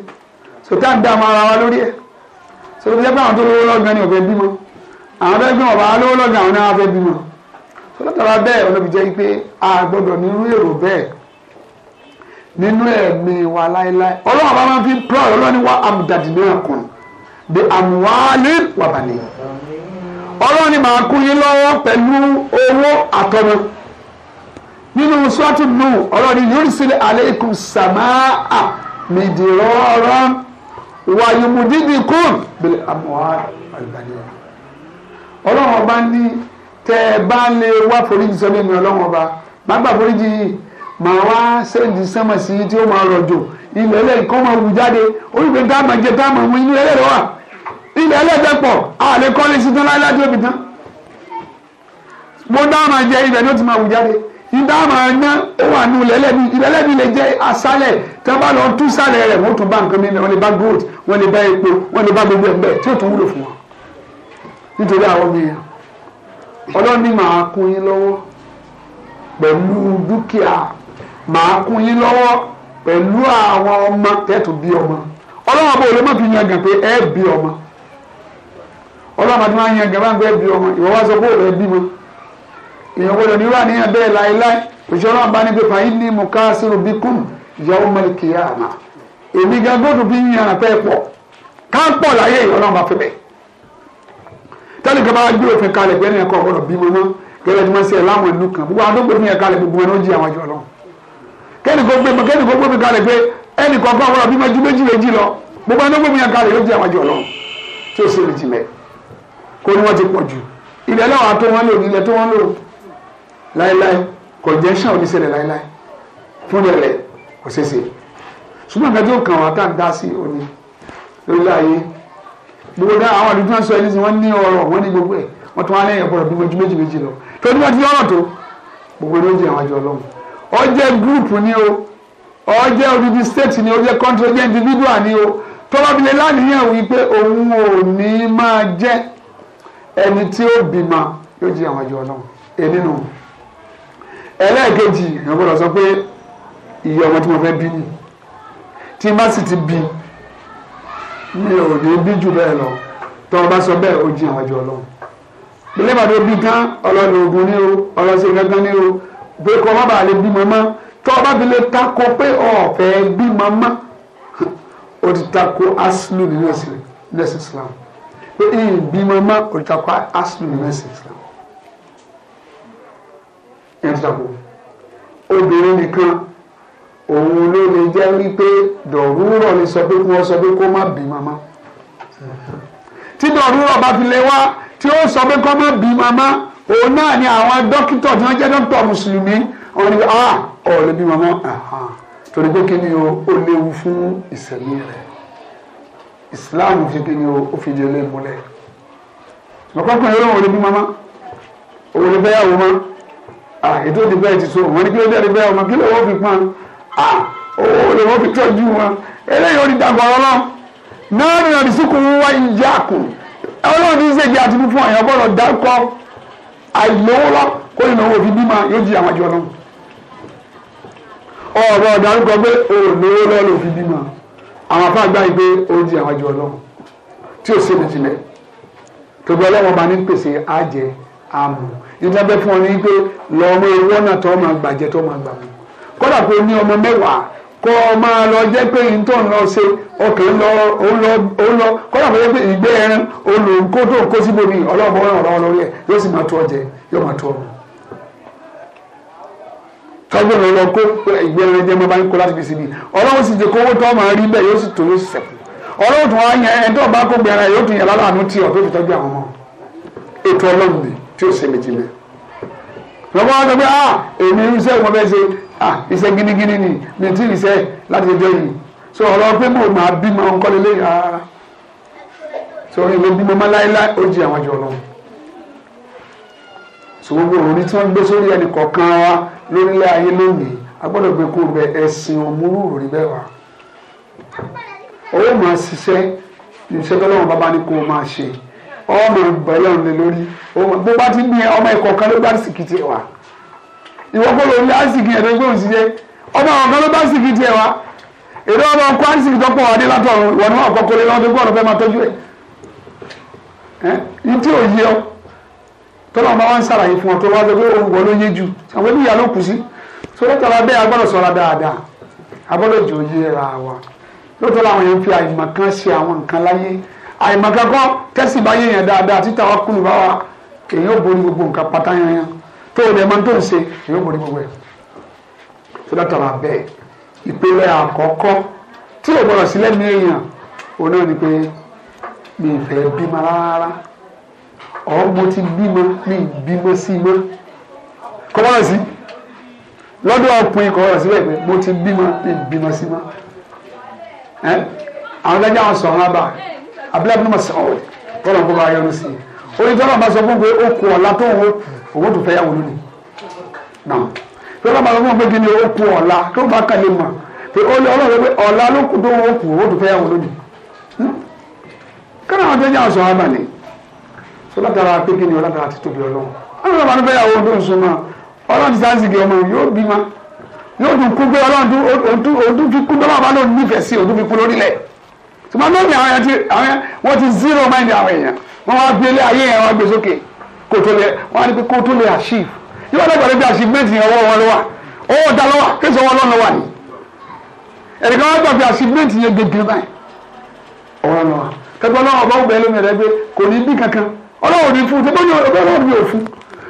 so tá à ń dá ọmọ ara wa lórí ẹ̀ so ló fi jẹ́ pé àwọn tó lówó lọ́gàn ni ò fẹ́ bímọ àwọn fẹ́ gbọ́n ọ̀bà lówó lọ́gàn àwọn náà fẹ́ bímọ so látara bẹ́ẹ̀ olóbi jẹ́ pé a gbọ́dọ̀ nínú èrò bẹ́ẹ̀ nínú ẹ̀mí wa láéláé ọlọ́run bá máa fi pray ọlọ́run ni wá àmùdàdì náà kùn bí àmùwálé wàbàlẹ̀ ọlọ́run ni màá kún yín lọ́wọ́ pẹ̀lú owó àtọ́nu nínú sọ́ọ̀tì nù ọ̀rọ̀ ni yursili aleikum samaa midirọ́rọ́ wàyùmùdídìkún bẹ̀rẹ̀ àmọ́wá àgbàdìwà ọlọ́run ọba ní tẹ́ ẹ bá lè wá foríjì sọ́dọ̀ mi ọlọ́run ọba má gbà foríjì yìí màá wá sẹ́ǹdì sẹ́mọ̀ sí i tí ó máa rọ̀jò ilẹ̀ ẹlẹ́yìn kan máa wù jáde oríṣiríṣi tá jẹ tá a inú ẹlẹ́rọ wà ilẹ̀ ẹlẹ́dẹ̀ pọ̀ a tán láyé láti òbí tán mo dá jẹ ibẹ̀ ni ó ti máa wù jáde ibà máa ná ó wà ní ilẹ̀ ẹlẹ́bi ilẹ̀ ẹlẹ́bi lè jẹ́ asálẹ̀ tí wọ́n bá lọ tún sálẹ̀ rẹ̀ wọ́n tún bá nǹkan mímu wọ́n lè bá gold wọ́n lè bá epo wọ́n lè bá gbogbo ẹ̀ bẹ́ẹ̀ tí ó tún wúlò fún wọn. nítorí àwọn mìíràn ọlọ́ni màá kún yín lọ́wọ́ pẹ̀lú dúkìá màá kún yín lọ́wọ́ pẹ̀lú àwọn ọmọ tẹ́tù bí ọmọ ọlọ́wọ́ bó lè má fi yan gàn pé ẹ bí ọmọ ọlọ́wọ́ èèyàn gbọ́dọ̀ nírú àníyàn bẹ́ẹ̀ láéláé òṣìṣẹ́ ọlọ́run bá ní pé fàyín ní mo ká sínú bí kùn ìyàwó mọ́lìkì yá àmà èmi gan gbọ́dọ̀ bí yín àrà fẹ́ pọ̀ ká ń pọ̀ láyé èèyàn ọlọ́run bá fẹ́ bẹ́ẹ̀ tẹ́lẹ̀ kan bá gbé òfin kalẹ̀ pé ẹnìyàn kan gbọ́dọ̀ bímọ mọ́ gẹ́gẹ́ bí wọ́n ṣe láwọn ìlú kan gbogbo àdógbò ní ẹ̀ka lẹ̀ gbogbo ẹ̀ ló jí àwọn àjọ ọlọ́run kẹ́nìkan gbé mi kẹ́nìkan gbé mi kalẹ̀ pé ẹnìkan fún àwọn bímọ ju méjì méjì lọ gbogbo àdógbò ní ẹ̀ka lẹ̀ ló jí àwọn àjọ ọlọ́run tí ó ṣe lè jìnlẹ̀ kó ni wọ́n ti pọ̀ jù ilẹ̀ náà àtọ́ wọn lò nílẹ̀ tó wọn lò láéláé congestion ò ní ṣẹlẹ̀ láéláé fún rẹ̀ kò ṣeé ṣe ṣùgbọ́n nǹkan tó kàn wá tá à ń dá sí òní lórílẹ̀ ayé gbogbo dá àwọn àdúgbò náà sọ ẹni tí wọ́n ní ọrọ̀ wọ́n ní gbogbo ẹ̀ wọ́n tún wá lẹ́yìn ọ̀pọ̀lọpọ̀ bí mojú méjì méjì lọ tó ní wọ́n ti lọ́rọ̀ tó gbogbo ló jẹ́ àwọn àjọ ọlọ́run ó gúrùpù ni o ó odidi state ni ó jẹ́ country ó jẹ́ individual ni o tọ́lọ́bìnrin láníyàn wípé òun ò ní máa jẹ́ ẹni tí ó bímọ yóò jẹ́ àwọn àjọ ọlọ́run ènìyàn ẹlẹ́ẹ̀kejì èèyàn gbọ́dọ̀ sọ pé ìyá ọmọ tí mo fẹ́ bí ni tí má sì ti bí mi ò ní bí jù bẹ́ẹ̀ lọ tó o bá sọ bẹ́ẹ̀ o jí àwọn àjọ ọlọ́run ilé ìbàdàn bí tán ọlọ́run ogun ní o ọlọ́sẹ̀ gángan ní o pé kọ́ má bàa lè bí mọ́mọ́ tó o bá fi lè tako pé ọ̀fẹ́ bí mọ́mọ́ o ti tako aslu nínú ẹ̀sìn Islam pé ìbí mọ́mọ́ o ti tako aslu nínú ẹ̀sìn Islam ẹ̀sàkó obìnrin nìkan òun ló lè jẹ́ wípé dọ̀rúrọ̀ lè sọ pé kí wọ́n sọ pé kó má bí màmá tí dọ̀rúrọ̀ bá fi lè wá tí ó sọ pé kó má bí màmá òun náà ni àwọn dókítà tí wọ́n jẹ́ dókítà mùsùlùmí wọ́n ní ah ọ̀rẹ́ bí màmá torí pé kí ni o ó léwu fún ìsẹ̀mí rẹ̀ Islam fi kí ni o ó fi jẹ́ lé múlẹ̀ ọ̀pọ̀ kan yóò wọlé bí màmá òun lè fẹ́ yàwó máa. Ah, ètò ìdìbò ẹ̀ ti so wọ́n ní kí ló dé ẹ̀dẹ́gbẹ́ ọmọ kí ló wọ́n fi pọ́n ah, owó lè wọ́n fi tọ́jú wọn eléyìí orí dàgbà ọlọ́ náà rìn àdì sí kùn wá ìyá kù ọlọ́run ti ń ṣèjì àti fífún àyàn bọ́lọ̀ dákọ́ àìlówó lọ kó ìnáwó òfin bímọ yóò jí àwọn àjọ náà ọ̀rọ̀ ọ̀dàrúkọ pé òòlówó lọ ló fi bímọ àwọn afá gbá yìí pé ó jí àwọn àjọ náà tí ò sí ìdíjìlẹ̀ tó gbọ́ ọlọ́run ọba ní pèsè àjẹ àmù ìjọba bẹ fún ọ ní pé lọ ọmọ ewó náà tó máa gbàjẹ tó máa gbà mú pé ní ọmọ mẹ́wàá kọ́ ọ máa lọ jẹ́ pé n ń lọ ṣe ọkàn ń lọ ó lọ ó ń pé ìgbẹ́ ẹran olùkó kó síbo ni ọlọ́ọ̀bọ̀ ọ̀rọ̀ ọ̀rọ̀ lórí ẹ̀ yóò sì máa tó ọ jẹ yóò máa tó ọ kágbọ́n lọ lọ kó ìgbẹ́ ẹran jẹ́ máa bá ń kó láti fi síbi ọlọ́run sì jẹ́ kówó tó máa rí bẹ́ẹ̀ yóò sì tó yóò sì sẹ̀kù ọlọ́run tó wá yẹn ẹni tó bá kó gbẹ̀rẹ̀ yóò tún yẹ tí ó sèmi tilẹ̀ lọ́wọ́ wọn sọ pé ah èmi iṣẹ́ ìwọ bẹ́ẹ̀ ṣe ah iṣẹ́ gínígíní ni mi ti iṣẹ́ láti fi jẹ́ yìí so ọ̀rọ̀ pé mo máa bímọ nǹkan lélẹ́ rárá so ilé bímọ má láéláé ó jẹ àwọn àjọ lọ́wọ́ so gbogbo òní tí wọ́n gbé sórí ẹnì kọ̀ọ̀kan wa lórílẹ̀ ayé lónìí a gbọ́dọ̀ gbé kó bẹ ẹ̀sìn òmùrú rí bẹ́ẹ̀ wá owó máa ṣiṣẹ́ iṣẹ́ tọ́lọ́wọ́n bàbá ní kó máa ṣe ọmọ bẹ̀rẹ̀ òun lè lórí bó bá ti ń ọmọ ẹ̀kọ́ kan ló bá sìkì wá ní àìsìkì yẹn tó sí ọmọ ló bá wá èdè ọmọ ọkọ àìsìkì tó pọ̀ wádé látọ̀run ìwọ ni wọn kọ́ kọ́lé lọ́dún gbọ́dọ̀ ọ tọ́lọ́ bá wọn fún yẹn fi ṣe àwọn nǹkan láyé àìmọ̀kankan tẹ́sì bá yẹ̀yàn dáadáa títa wa kúlù bá wa èyàn ò borí gbogbo nǹkan pátá yanyan tó o dẹ̀ máa ń tó ń ṣe èyàn ò borí gbogbo ẹ̀ tó dàtàrà bẹ́ẹ̀ ìpele àkọ́kọ́ tí o gbọ́dọ̀ sí lẹ́nu èèyàn òun náà ni pé mi ì fẹ́ bímọ rárá ọ̀ mo ti bímọ mi ì bímọ sí mọ́ kọ́ bọ́dọ̀ sí lọ́dọ̀ ọkùnrin kọ̀ ọ̀rọ̀ síbẹ̀ pé mo ti bímọ mi bímọ sí mọ́ àwọn dájú àwọn sọ̀rọ̀ bá abúlé Mas'ud kọlọ kó bá yọnu sí i oyin tọ́lá máa sọ fún pé ó kú ọ̀la tó òun òun tó fẹ́ yà wọlé ni náà tọ́lá máa sọ fún pé kí ni ó kú ọ̀la tó bá kàlẹ́ mọ̀ pé ó yọ ọlọ́run pé ọ̀la ló kú tó òun kú òun tó fẹ́ yà wọlé hmm? ni kọ́nà àwọn tó ń yà sọ àbàlẹ̀ sọlá tara pé kí ni ọlá tara ti tóbi ọlọ́run ọlọ́run máa ń fẹ́ yà wọ́n tó ń sọ náà ọlọ́run ti sáà ń sìnkì ọmọ yóò bí ma yóò tún kú pé ọlọ́run tún kú dọ́là bá lóun nífẹ̀ẹ́ sí òun tún fi kú lórílẹ̀ ṣùgbọ́n lónìí àwọn yẹn ti àwọn yẹn wọ́n ti zero mind àwọn èèyàn wọ́n wá gbé ilé ayé yẹn wọ́n gbé sókè kó tó lè wọ́n á ní pé kó tó lè achieve yóò dẹ́gbà lé bí achievement yẹn ọwọ́ wọn ló wà owó da lọ́wọ́ kéṣe wọn lọ́nà wà ní ẹ̀ríkà wọn gbà pé achievement yẹn gẹ́gẹ́ báyìí ọ̀rọ̀ lọ́wọ́ kẹgbẹ́ ọlọ́wọ́ bá gbẹ lómi rẹ pé kò ní bí kankan ọlọ́wọ́ ní fún tó bóyá ọlọ́wọ́ ní òfin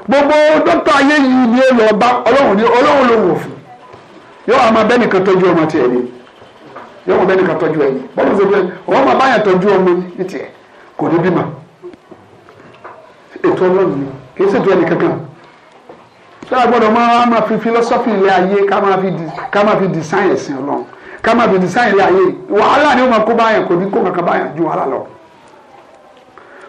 gbogbo dókítà ayé yìí ni ó lọ bá ọlọ́wọ́ ló wò fún yóò àmọ́ bẹ́ẹ̀ nìkan tọ́jú ọmọ tiẹ̀ ni yóò wọ bẹ́ẹ̀ nìkan tọ́jú ẹ bọ́lá ṣe bẹ́ẹ̀ ọwọ́ máa bá yàn tọ́jú ọmọ ní tiẹ̀ kò ní bímọ ètò ọlọ́run ni kì í ṣètò ẹnì kankan sọ́dọ̀ gbọ́dọ̀ máa máa fi fílọ́sọ́fì ilé ayé ká máa fi di sáyẹ̀nsì ọlọ́run ká máa fi di ilé ayé wàhálà ni ó máa kó báyàn kò ní kó kankan báyàn ju wàhálà lọ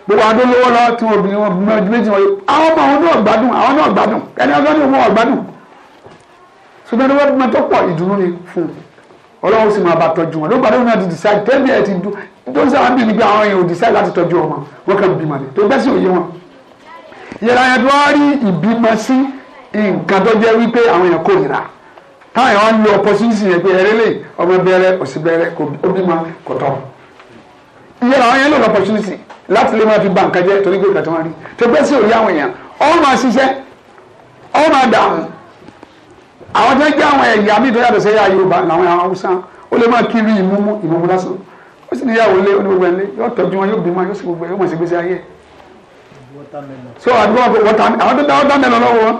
gbogbo àwọn olówó lọ tí wọn obìnrin wọn bí méjì wọn yìí àwọn ọmọ àwọn náà gbádùn àwọn náà gbádùn ẹni ọgbọ́n ni wọn gbádùn ṣùgbọ́n ẹni wọn bí wọn tó pọ̀ ìdùnnú ni fún un ọlọ́run sì máa bá tọ́jú wọn lóògbà lóògbà ti decide tẹ́lẹ̀ ẹ̀ ti dùn nítorí sábà ń bì nígbà àwọn èèyàn ò decide láti tọ́jú ọmọ wọn kàn bímọ ni tó bẹ́sì òye wọn. ìyẹ̀rọ yẹn tó wá rí ìbímọ sí nǹkan tó jẹ́ wípé àwọn èèyàn kórìíra táwọn èèyàn ń lo opportunity yẹn pé ẹrẹ́ lè ọmọ bẹ̀rẹ̀ òsì bẹ̀rẹ̀ ó bímọ kò tọ́. ìyẹ̀rọ yẹn lò opportunity láti lè máa fi ba nǹkan jẹ́ torí pé ìgbà tó wá rí tó bẹ́sì òye àwọn èèyàn ọ àwọn tó ń jẹ́ àwọn ẹ̀yà míì tó yàtọ̀ sí ẹ̀yà Yorùbá làwọn àwọn Haúsá ó lè máa kiri ìmúmú ìmúmú lásán ó sì níyàwó lé onígbogbo ẹ̀lẹ́ yóò tọ́jú wọn yóò bí wọn yóò sì gbogbo ẹ̀ yóò mọ̀ sí gbèsè ayé ẹ̀. so àdúgbò wọ́tà àwọn tó dá wọ́tà mẹ́lọ lọ́wọ́ wọn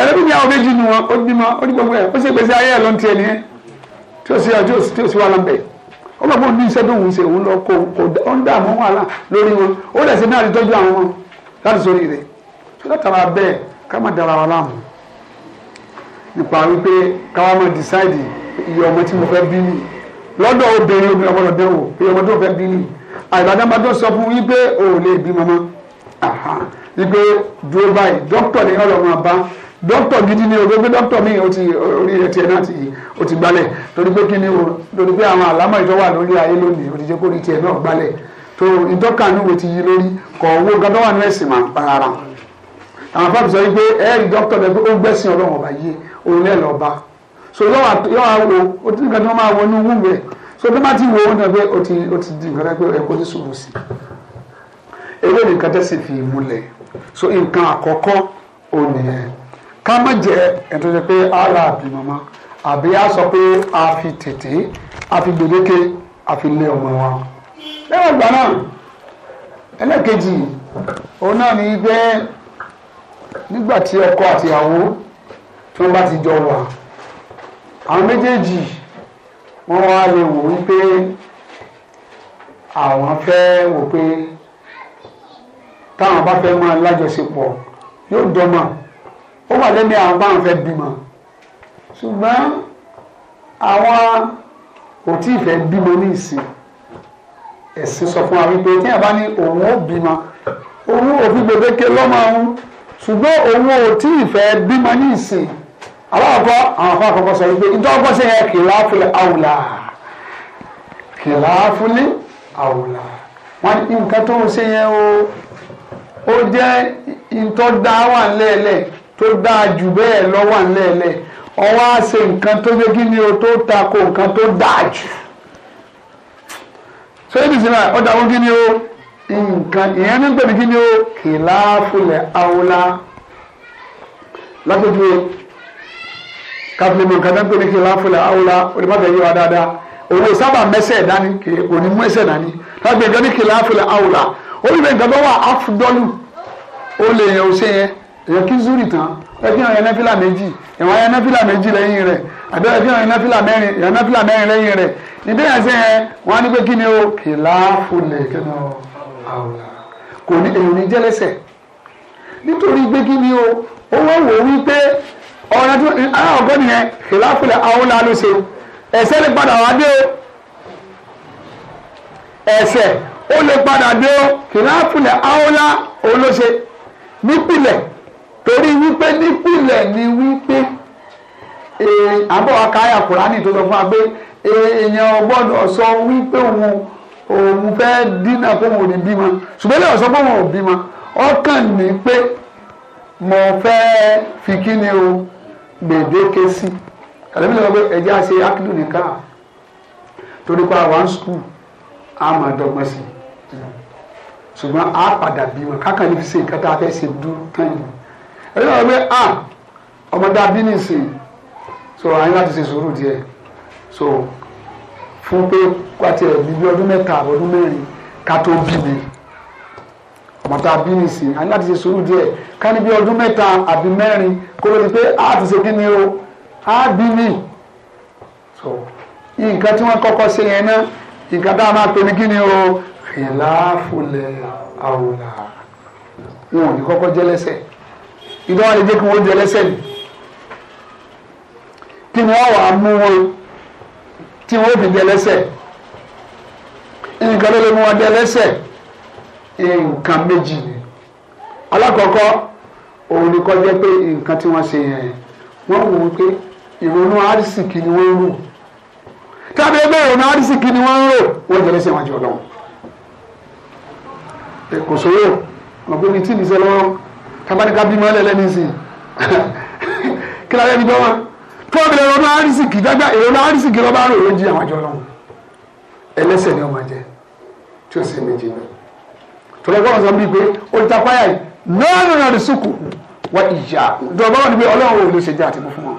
ẹlẹ́bí ní àwọn méjì nu wọn ó bímọ ó ní gbogbo ẹ̀ ó sì gbèsè ayé ẹ̀ ló ń tiẹ̀ nìyẹn tí ó sì ọjọ́ tí ó sì wà lọ́bẹ̀ ó lọ́ bó ní iṣẹ́ tó ń ṣe òun lọ kó ó ń dààmú wàhálà lórí wọn ó dẹ̀ sí náà rí tọ́jú àwọn wọn láti sórí rẹ̀ látara bẹ́ẹ̀ ká má dara wa láàmú nípa wípé káwọn máa decide iye ọmọ tí mo fẹ́ bí ni lọ́dọ̀ obìnrin obìnrin ọgbọ́dọ̀ dẹ́wò iye ọmọ tí mo fẹ́ bí ni àìbàdàn bá tó sọ fún wípé o ò lè bí mọ́mọ́ wípé dúró báyìí dókítà ni ọ̀rọ̀ máa bá dókítà gidi ni o gbé dókítà mi o ti orí ẹ̀ tiẹ̀ náà ti o ti gbalẹ̀ torí pé kí ni o torí pé àwọn àlámọ̀ ìjọ wà lórí ayé lónìí o ti jẹ́ kó rí tiẹ̀ náà gbalẹ̀ tó ìdọ́kà ni o ti yí lórí kọ̀ owó gàdọ́ wà ní ẹ̀sìn máa ń pa ara àwọn afáàbù sọ wípé ẹ̀ẹ́dì dókítà rẹ pé ó gbẹ́sìn ọlọ́run ọ̀bà òun lẹ́ so yọ wà yọ o ti nǹkan tí wọ́n máa inú so bí wọ́n ti wo wọn pé o ti o ti di nǹkan pé ẹ̀kọ́ ti sí i ewé fi múlẹ̀ so nǹkan àkọ́kọ́ òun nìyẹn ká má jẹ ẹ̀tọ́ jẹ pé ara àbí màmá àbí sọ pé a fi tètè a fi gbèdéke a fi lé ọmọ wa lẹ́yìn ìgbà náà ẹlẹ́kejì òun náà ní gbé nígbà tí ọkọ tí wọ́n bá ti jọ wà àwọn méjèèjì wọ́n wá lè wò wípé àwọn fẹ́ wò pé táwọn bá fẹ́ máa lájọṣepọ̀ yóò dọ́mà ó wà lẹ́mí àwọn báwọn fẹ́ bímọ ṣùgbọ́n àwọn ò tí ì fẹ́ bímọ ní ìsìn ẹ̀sìn sọ fún wa wípé tí a bá ní òun ó bímọ òun ò fi gbèdéke lọ́mọ ọ̀hún ṣùgbọ́n òun ò tí ì fẹ́ bímọ ní ìsìn aláwọ̀kọ́ àwọn afọ àkọ́kọ́ sọ wípé ìjọba ṣe yẹ kìláfúlẹ̀ àwùlà kìláfúlẹ̀ àwùlà wọn ní nǹkan tó ń ṣe o ó jẹ́ ìtọ́ dá wà ńlẹ̀ẹ̀lẹ̀ tó dáa jù bẹ́ẹ̀ lọ wà ńlẹ̀ẹ̀lẹ̀ ọwọ́ á ṣe nǹkan tó gbé kí ni o tó tako nǹkan tó dáa jù so ebi sinmi ọ dàgbọ́ kí ni o nǹkan ìyẹn ní pẹ̀lú kí ni o kìláfúlẹ̀ àwùlà lápẹ̀jú káfíńmù nǹkan tó ń pè ní kìláfùlà àwòlá onímọ̀tẹ̀ yíwa dáadáa owó sábà mẹ́sẹ̀ dání kò ní mú ẹsẹ̀ dání láti gbé ní kìláfùlà àwòlá ó ní nǹkan tó wà áfúdọ́lù ó lè yẹn ó ṣe yẹn èyàn kí zúrì tán ẹ fi hàn yẹn náfìlà méjì ẹ̀wọ̀n yẹn náfìlà méjì lẹ́yìn rẹ̀ àbẹ́ ẹ fi hàn yẹn náfìlà mẹ́rin yẹn náfìlà mẹ́rin lẹ́yìn rẹ̀ níbẹ̀ yẹn ṣe yẹn wọ́n á ní pé kí ni o kìláfùlẹ̀ kẹ́nà kí ni o ó wọ́n wò wípé ọ̀nà tó ní aláwọ̀kọ́ nìyẹn ìláfùlẹ̀ àwọn làálù ṣe ẹ̀ṣẹ̀ lè padà wá dé o ẹ̀ṣẹ̀ ó lè padà dé o ìláfùlẹ̀ àwọn lá òun ló ṣe nípìlẹ̀ torí wípé nípìlẹ̀ ni wípé àbọ̀ akáyà kùránì tó sọ fún wa pé èèyàn gbọ́dọ̀ sọ wípé òun òun fẹ́ dínà fún òun ní bímọ ṣùgbọ́n lè sọ fún òun ò bímọ ọkàn ní pé mo fẹ́ fi kí o gbèdéke sí kàlẹ́bí sọ pé ẹ̀jẹ̀ àṣẹ akidu nìkan torí pé àwọn skul a máa dọ́gbọ́n sí ṣùgbọ́n á padà bí wọn kákan ní fi ṣe nǹkan tá a fẹ́ ṣe dúró tán yìí ẹ̀jẹ̀ sọ pé a ọmọ dábí nìsín so àyìn láti ṣe sùúrù díẹ̀ so fún pé pàtẹ́ bíbí ọdún mẹ́ta ọdún mẹ́rin ká tó bí mi ọmọ tá a bí nìsín a ní láti ṣe sùúrù díẹ̀ ká ní ọdún mẹ́ta àbí mẹ́rin kó ló di pé a ti ṣe kí ni o a bí mi so nǹkan tí wọ́n kọ́kọ́ ṣe yẹn náà nǹkan tá a máa pè ní kí ni o ìlàfulẹ̀ àwòlà wọn ò ní kọ́kọ́ jẹ́ ìdánwò lè jẹ́ kí wọ́n jẹ́ ni kí ni wọ́n wà mú wọn tí wọ́n fi jẹ́ nǹkan ló lè mú wọn jẹ́ nǹkan méjì ni alákọ̀ọ́kọ́ òun ni kọjá pé nǹkan tí wọ́n ṣe yẹn wọ́n wò ó pé ìrònú àrísìkì ni wọ́n ń rò tábí ẹgbẹ́ ìrònú àrísìkì ni wọ́n ń rò wọ́n jẹ́ lẹ́sẹ̀ wájú ọlọ́run kò sówó ọmọ pé mi tí nìṣẹ́ lọ́wọ́ tábánikà bímọ ẹlẹ́lẹ́ nísìnyí kí lóore ní bọ́wọ́ tóbi ìrònú àrísìkì dágbà ìrònú àrísìkì lọ́ba rò ló àwọn àjọ ọlọ́run ẹlẹ́sẹ̀ ni ó máa jẹ tí ó sì méjì náà tọ́lọ́gbọ́n sọ bíi pé olùtapáyà yìí náà nà ní sùkù wá ìyá dọ̀bọ́n wọn ni pé ọlọ́run ò lè ṣe jẹ́ àti mú fún wọn.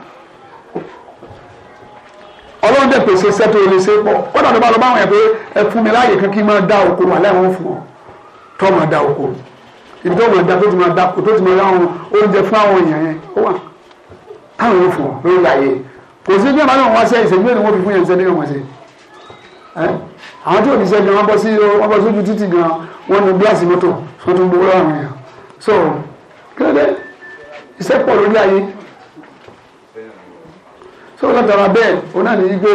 ọlọ́run dẹ̀ pèsè sẹ́tò ò lè ṣe pọ̀ ó dàbí bá lọ bá wọn yẹn pé ẹ fún mi láàyè kan kí n máa dá oko wà láwọn fún ọ tọ́ máa dá oko ibi tó máa dá tó ti máa dá kó tó ti máa yá wọn oúnjẹ fún àwọn èèyàn yẹn ó wà táwọn yóò fún ọ lórí láàyè kò sí bí ẹ máa náà wọ́n ṣe ìṣègùn ni wọ́n àwọn tí ò ní ṣe gan wọ́n bọ́ sí ojú títì gan wọ́n ní gíláàsì mọ́tò wọ́n tún gbowó àwọn èèyàn so kílódé iṣẹ́ pọ̀ lórí ayé so látara bẹ́ẹ̀ òun náà ní gbé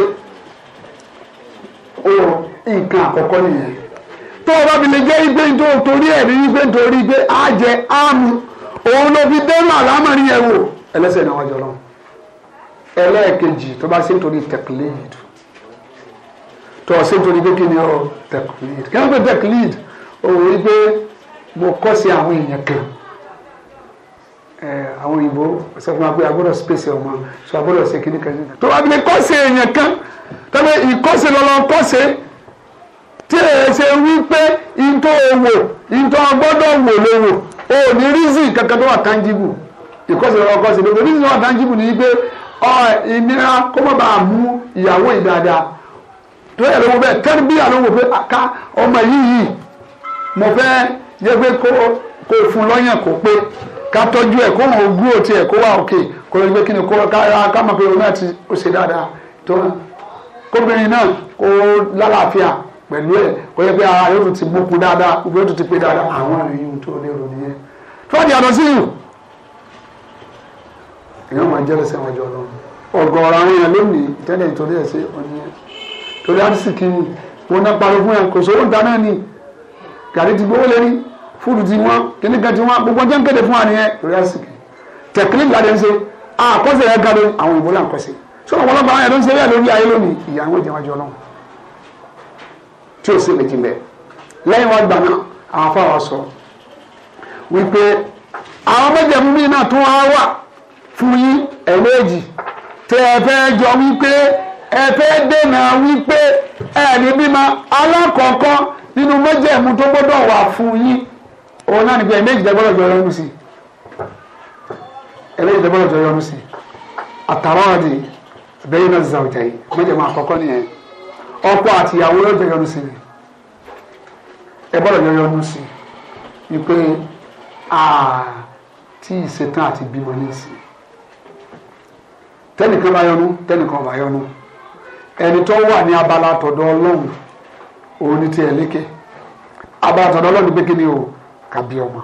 o nǹkan àkọ́kọ́ nìyẹn tó o bá fi lè jẹ́ igbe nítorí ẹ̀rí igbe nítorí igbe á jẹ á mu òun ló fi dẹ́rù àlámọ̀rin yẹn wò ẹlẹ́sẹ̀ náà wájú ọlọ́run ẹlẹ́ẹ̀kejì tó bá ṣe nítorí tẹ̀kílíìdì tó o ṣe nítorí pé kí ni ọ tẹ̀kílíìdì kí wọ́n pè tẹ̀kílíìdì òun yìí pé mo kọ́ sí àwọn èèyàn kan àwọn òyìnbó sọ fún wa pé agbọ́dọ̀ space ọmọ so agbọ́dọ̀ ṣe kíní kan tó wá bí kọ́ sí èèyàn kan tọ́lá ìkọ́sí lọ́lọ́ kọ́sí tí èyí ṣe wí pé ìtọ́ owó ìtọ́ gbọ́dọ̀ wò lówó o ní rízì kankan tó wà tangible ìkọ́sí lọ́lọ́ kọ́sí lówó rízì wà tangible ní pé ìnira kó má bàa mú ìyàwó ìdáadáa tó yẹ lówó bẹ́ẹ̀ tẹ́lifíà lówó pé ká ọmọ yìí yìí mo fẹ́ yẹ pé kó kó fún lọ́yàn kó pé ká tọ́jú ẹ̀ kó hàn ogún òtí ẹ̀ kó wà òkè kó lè gbé kíni kó kára ká mọ̀ pé òun náà ti ó ṣe dáadáa tó hàn kóbìnrin náà kó lálàáfíà pẹ̀lú ẹ̀ kó yẹ pé ara yóò ti gbókun dáadáa gbogbo yóò ti pé dáadáa àwọn èèyàn tó lérò nìyẹn tó àdó sí yìí èèyàn máa jẹ́rìí sẹ́wọ̀n jọ lọ ọ̀gọ̀ọ̀rọ̀ àwọn èèyàn lónìí tẹ́lẹ̀ nítorí ọ̀nìyẹn torí àdìsí kìíní wọn náà parí fún ẹ̀ kò sówó dáná ni gàrí ti gbówó lérí fúdù ti wọ́n kíní kan ti wọ́n gbogbo jẹ́ ń kéde fún wa nìyẹn lórí àsìkò tẹ̀kílì ìgbàdé ń ṣe àkọsẹ̀ yẹn ga ló àwọn òyìnbó là ń kọsẹ̀ sọ ọ̀pọ̀lọpọ̀ àwọn yẹn ló ń ṣe bẹ́ẹ̀ lórí ayé lónìí ìyá àwọn ìjẹun àjọ náà tí ò sí méjì mẹ́ lẹ́yìn wọn gbà náà àwọn afáwà sọ wípé àwọn méjèèmí mi náà tún wá wà fún yín ẹ̀wéjì tẹ́ ẹ fẹ́ jọ wípé ẹ fẹ́ dènà wípé ẹ̀ ní bímọ alákọ̀ọ́kọ́ nínú májẹ̀mú tó gbọ́dọ̀ wà fún yín òun náà nígbà ẹ̀mẹ́jì tẹ́ gbọ́dọ̀ jọ yọnu sí ẹ̀mẹ́jì tẹ́ gbọ́dọ̀ jọ yọnu sí àtàwọn ọ̀dì bẹ́yìn náà zàwùjá yìí májẹ̀mú àkọ́kọ́ nìyẹn ọkọ àtìyàwó yóò jọ yọnu sí ni ẹ gbọ́dọ̀ jọ yọnu sí ni pé tí ìṣetán àti bímọ ní ìsìn tẹ́nìkan bá yọnu tẹ́nìkan bá yọnu ẹni tó wà ní abala tọ̀dọ̀ ọlọ́run òun ní tiẹ̀ lékè abáàtọ̀dọ́ lọ́ni pé kí ni o kà bí ọmọ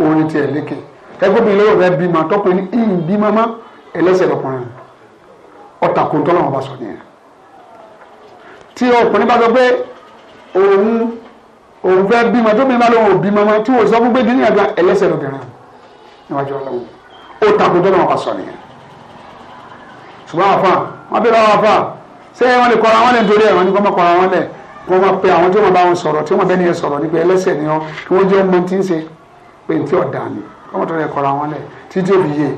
òun ní tiẹ̀ lékè ẹgbẹ́bìnrin lọ́wọ́ rẹ bímọ tọ́pẹ́ ní ìyìn bímọ mọ́ ẹlẹ́sẹ̀ lọ́kùnrin ọ̀tàkùntọ́ làwọn bá sọ nìyẹn tí ọkùnrin bá sọ pé òun òun fẹ́ bímọ tó bímọ lọ́wọ́ òbí mọ́mọ́ tí wọ́n sọ fún pé gíní àgbà ẹlẹ́sẹ̀ lọ́bìnrin níwájú ọlọ́wọ́ ọ̀tàkùntọ́ làwọn bá sọ wọ́n máa pe àwọn tí wọ́n bá wọn sọ̀rọ̀ tí wọ́n bẹ́ni yẹn sọ̀rọ̀ nípa ẹlẹ́sẹ̀ ni wọn kí wọ́n jẹ́ ọmọ tí ń ṣe pé tí ọ̀dà ni wọ́n tọ́ lẹ̀ kọ́ra wọn lẹ̀ títí òbí yẹ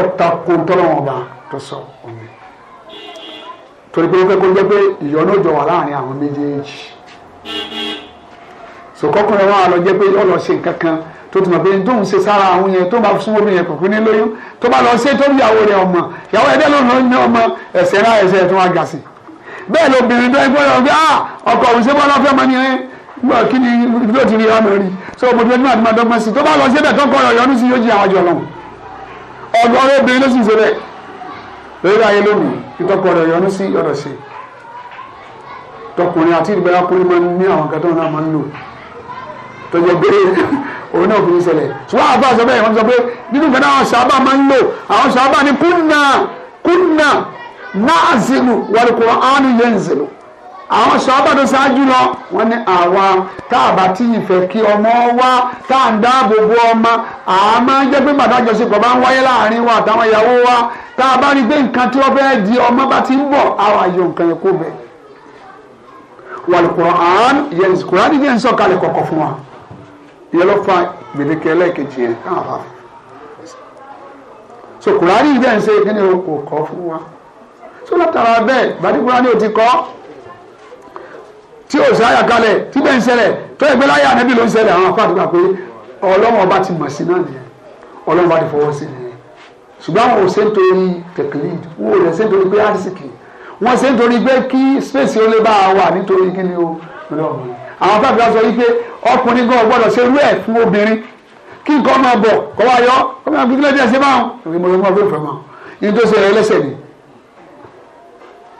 ọ̀tà kó ń tọ́lọ́ wọn bá tó sọ omi. torí pé kó jẹ́ pé ìyọ́nú òjò wà láàrin àwọn méjèèjì. sòkòkòrò wa lọ jẹ́ pé ó lọ ṣe nǹkan kan tó ti mọ̀ pé tóun ṣe sára àwọn yẹn tó bá fún omi yẹn kòkó ní lóyún tó bá lọ ṣe tó ń yàwó rẹ̀ ọmọ yàwó ẹ̀dẹ́ ló ọmọ ẹ̀sẹ̀ rá ẹ̀sẹ̀ tó wá gà sí i bẹ́ẹ̀ lóbìnrin tó ń gbọ́dọ̀ wọ́n fi ah ọkọ̀ òun ṣe bọ́lá fẹ́ mọ́ ni ẹ́ gbọ́ kí ni yóò ti rí ọmọ rí so mo ti fẹ́ máa máa dọ́gbọ́n sí tó bá lọ sí ẹ̀bẹ̀ tó kọ́ ọ̀yọ́ ní sí yóò jí àwọn àjọ lọ ọgọ́rọ́ obìnrin ló sì ṣe bẹ́ẹ̀ lórí ayé lónìí ìtọ́kọ̀ ọ̀yọ́ ní sí ọ̀dọ̀ sí tọkùnrin àti ìgbéra kúrin máa ń ní àwọn kan tó náà máa ń lò tó jẹ pé òun náà fi ń ṣẹlẹ̀ ṣùgbọ́n àbá sọ bẹ́ẹ̀ wọ́n sọ pé nínú kan àwọn sábà máa ń lò àwọn sábà ní kúnnà kúnnà náàzìlù wọlùkùrọ̀ ánú àwọn sọ́ọ́bà ṣáájú lọ wọ́n ní àwa tá a bá tí ì fẹ́ kí ọmọ wá tá a ń dáàbò bo ọmọ pé bá ń wáyé wa àtàwọn ìyàwó wa tá a bá rí nǹkan tí di ọmọ bá ti ń bọ̀ àwọn àyè nǹkan yẹn kó bẹ̀. wàlùkùrọ̀ àn yẹn kùránì yẹn ń sọ̀kalẹ̀ kọ̀kọ̀ fún wa tó látara bẹ́ẹ̀ gbadúgbò ni o ti kọ́ tí o sáyà kalẹ̀ tí bẹ́ẹ̀ ń ṣẹlẹ̀ tó ẹgbẹ́ láyé ànábì ló ń ṣẹlẹ̀ àwọn afáàtì gbà pé ọlọ́wọ́n ọba ti mọ̀ sí náà nìyẹn ọlọ́wọ́n ọba ti fọwọ́ sí nìyẹn ṣùgbọ́n àwọn ò ṣe ń torí tẹ̀kílíìd wọ́n ò lè ṣe ń torí pé àdìsíkì wọ́n ṣe ń torí pé kí space ó bá wà nítorí kí ni o lọ́wọ́ àwọn afáàtì gbà sọ wípé ọkùnrin gan gbọ́dọ̀ ṣe irú ẹ̀ fún obìnrin kí nǹkan máa bọ̀ kọ́ wá yọ kọ́ máa gbígbé lẹ́dí ẹ̀ṣẹ̀ báwọn ìgbìmọ̀ ló máa bẹ̀rẹ̀ fẹ́ máa ní tó ṣe ẹlẹ́sẹ̀ nìyẹn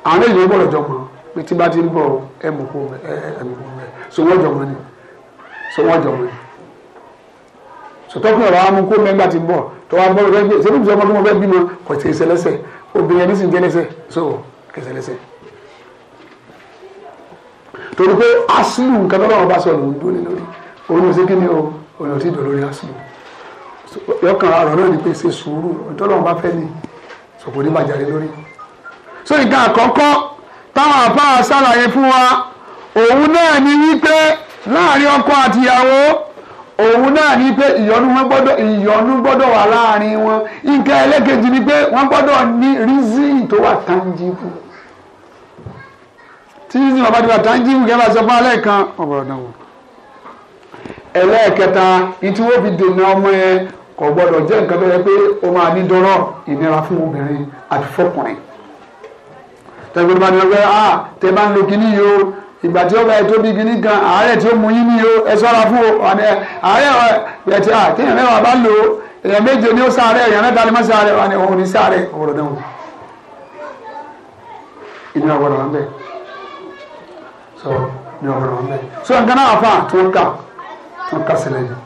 àwọn èyí ló gbọ́dọ̀ jọ mọ́ pé tí bá ti ń bọ̀ ẹ mọ̀ kó ẹ mọ̀ kó bẹ́ẹ̀ so wọ́n ni so wọ́n jọ mọ́ ni sọtọ́kùn ọ̀rọ̀ amú kó mẹ́gbà ti ń bọ̀ tó wá bọ́ lọ́wọ́ ẹgbẹ́ ìṣẹ́lẹ̀ ìṣẹ́lẹ̀ ọmọ bẹ́ẹ̀ bímọ kò sí ìṣẹlẹ́sẹ̀ obìnrin ẹni sì ń jẹ́lẹ́sẹ̀ so ìṣẹlẹ́sẹ̀ torí pé aslu nǹkan tọ́lá wọn bá sọ lòun dúró lórí òun ò kí ni o aslu yọkàn ọ̀rọ̀ náà ni pé ṣe sùúrù tọ́lá wọn bá fẹ́ ni so nǹkan àkọ́kọ́ táwọn àfáà ṣàlàyé fún wa òun náà ni wípé láàrin ọkọ àtìyàwó òun náà ni pé ìyọnu wọn gbọ́dọ̀ ìyọnu gbọ́dọ̀ wà láàrin wọn nǹkan ẹlẹ́kejì ni pé wọ́n gbọ́dọ̀ ní rízìn tó wà tangible tí rízìn bàbá tó wà tangible kẹ́ bá sọ fún alẹ́ kan ọ̀bọ̀rọ̀ náà wò ẹlẹ́ẹ̀kẹta ìtí wọ́n fi dènà ọmọ yẹn kò gbọ́dọ̀ jẹ́ nǹkan tó yẹ pé ó máa ní dọ́rọ̀ ìnira fún obìnrin àti fọkùnrin tẹ̀gbọ́n bá ní ọgbẹ́ a ah, tẹ bá ń lo kínní yìí o ìgbà tí ó bá yẹ tó bí kínní kan àárẹ̀ tí ó mú yín ní o ẹ sọ́ra fún o àárẹ̀ ẹ̀ ah, tí a téèyàn mẹ́wàá bá lò ó èèyàn méje ni ó sáré èèyàn mẹ́ta ni má sáré wà ní òun ní sáré ọ̀rọ̀ náà wò ìní ọ̀rọ̀ wọn bẹ́ẹ̀ so ní ọ̀rọ̀ wọn bẹ́ẹ̀ so nǹkan náà fa tó ń kà tó ń kà sílẹ̀ yìí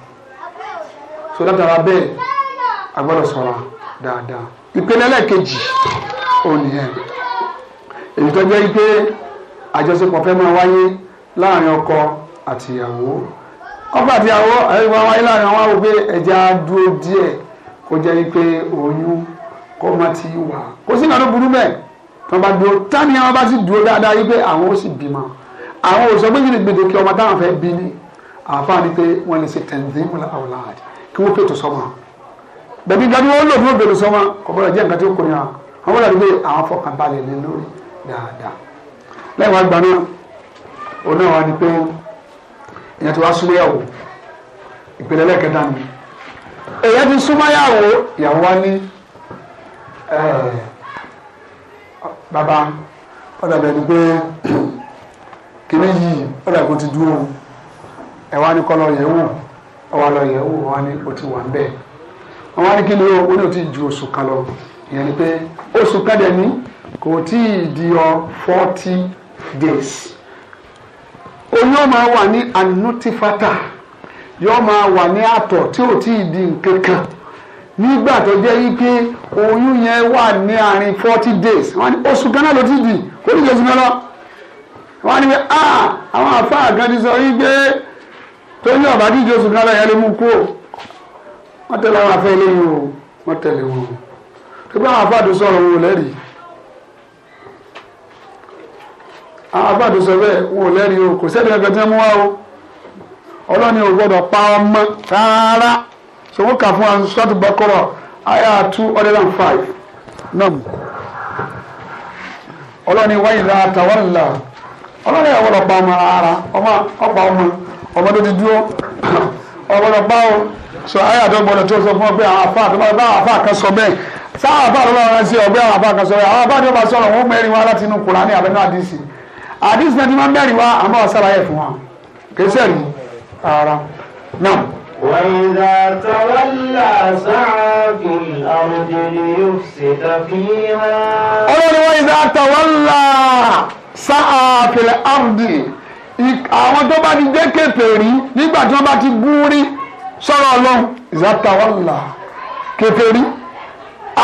so látara bẹ́ẹ̀ a sọ̀rọ̀ dáadáa ìpele ẹlẹ́ẹ̀kejì ò nìyẹn èyí tó jẹ́ pé àjọṣepọ̀ fẹ́ máa wáyé láàrin ọkọ àtìyàwó ọkọ àtìyàwó ẹ̀rọ wáyé láàrin àwọn àwọn pé ẹja dúró díẹ̀ kó jẹ́ pé oyún kó má ti wà kó sì náà burú bẹ́ẹ̀ tó bá dúró tani àwọn bá sì dúró dáadáa yí pé àwọn ó sì bímọ àwọn ò sọ pé yìí gbèdéke ọmọ táwọn fẹ́ bí ní àáfàá ni pé wọ́n lè ṣe tẹ̀síwò àwòlá kí wọ́n fètò sọ́mọ bẹ̀bí gbàdúrà ó lò fún òbèrè sọ́mọ kò jẹ́ nǹkan tí ó kò ní àwọn ọmọdé àwọn fọkànbalẹ̀ lé lórí dáadáa lẹ́yìn gbà náà òun náà wà ní pé èèyàn ti wá súnmọ́yàwó ìpele lẹ́kẹ̀ẹ́ta ni èèyàn ti yàwó ìyàwó wa ní bàbá ọ̀dà bẹ̀rù pé kìnní yìí ọ̀dà kò ti dúró ẹ̀ wá ní kọ́ yẹ̀ wò ọ̀wá lọ yẹ̀ wò wá ní o ti wà kò tí ì di ọ 40 days oyún ọmọ wà ní anutifata yọọ máa wà ní àtọ̀ tí o tí ì di nǹkan kan nígbà tó jẹ́ wípé oyún yẹn wà ní àárín 40 days wọ́n ní oṣù kan ló ti dì kó ní oṣù kan lọ wọ́n ní ah, àwọn àfáà kan ti sọ wípé tó ní ọ̀bá lọ yẹn ló mú kú wọ́n tẹ̀lé àwọn o wọ́n tẹ̀lé o tó bá àwọn tó àwọn ah, abáàdó ah, sọ bẹ́ẹ̀ wọn ò lẹ́rìí o kò sẹ́ni ẹgbẹ́ tí wọ́n mú wá o ọlọ́ni ò gbọ́dọ̀ pa ọmọ rárá so wọ́n kà fún wa sọ́tù bọ́kọ́rọ̀ àyà two hundred and five ọlọ́ni wáyé ọlọ́ni ẹ̀ gbọ́dọ̀ pa ọmọ rárá ọmọ ọ̀pá ọmọ ti dúró ọgbọ́dọ̀ pa o sọ fún àfa sáà sọ àdìsí náà ti máa ń bẹ̀rù wá àmọ́ ọ̀sára yẹ fún wa kẹsẹ̀ rí ara náà. وإذا تولى سعى في الأرض ليفسد فيها. ọlọ́run وإذا تولى سعى في الأرض àwọn tó bá ti jẹ́ kèfèrí nígbà tí wọ́n bá ti gúrí sọ̀rọ̀ ọlọ́run ìzátawọ́là kèfèrí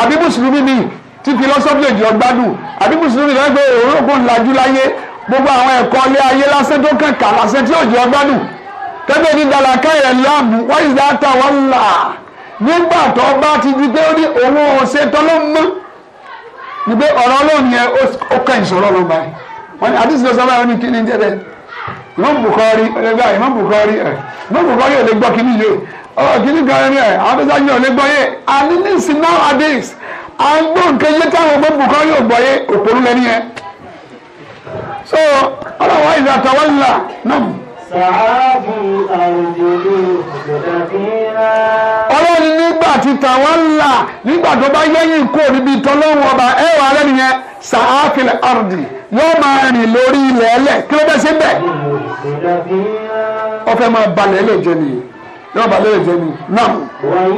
àbí mùsùlùmí ni tí philosophy èjì ọgbádùn àbí mùsùlùmí lọ́wọ́ pé òun ò kó lajú láyé gbogbo àwọn ẹ̀kọ́ ilé ayé lásán tó kẹ̀kà lásán tí òjò ọgbádùn kẹ́gbẹ́ ní dàlàkà yẹn láàbù wọ́n yìí dáta wọ́n là nígbà tó bá ti di pé ó ní owó ọ̀sẹ̀ tó ló mọ́ ni pé ọ̀rọ̀ ọlọ́run yẹn ó kẹ́ ìṣòro ló báyìí wọ́n ní àdìsí lọ sábà ní kíni jẹ́ bẹ́ẹ̀ Imam Bukhari ẹlẹgbẹ́ àyè Imam Bukhari ẹ̀ Imam Bukhari ò lè gbọ́ kíní yìí ọ̀rọ̀ kíní kan ẹni so ọlọ́wọ́ ìlà tàwọ́là náà. sàábù àrùjẹ̀lẹ̀ òṣèlú ọlọ́run nígbà tí tàwọ́là nígbà tó bá yẹ́yìn kó níbi tọ́lọ́run ọba ẹ wà lẹ́nu yẹn sàáfìlẹ̀ ọ̀rùdì yóò máa rìn lórí ilẹ̀ ẹlẹ̀ kí ló bẹ́ sí bẹ́ẹ̀. ó fẹ́ máa balẹ̀ lè jẹ nìyí yóò balẹ̀ lè jẹ nìyí náà. ọlọ́run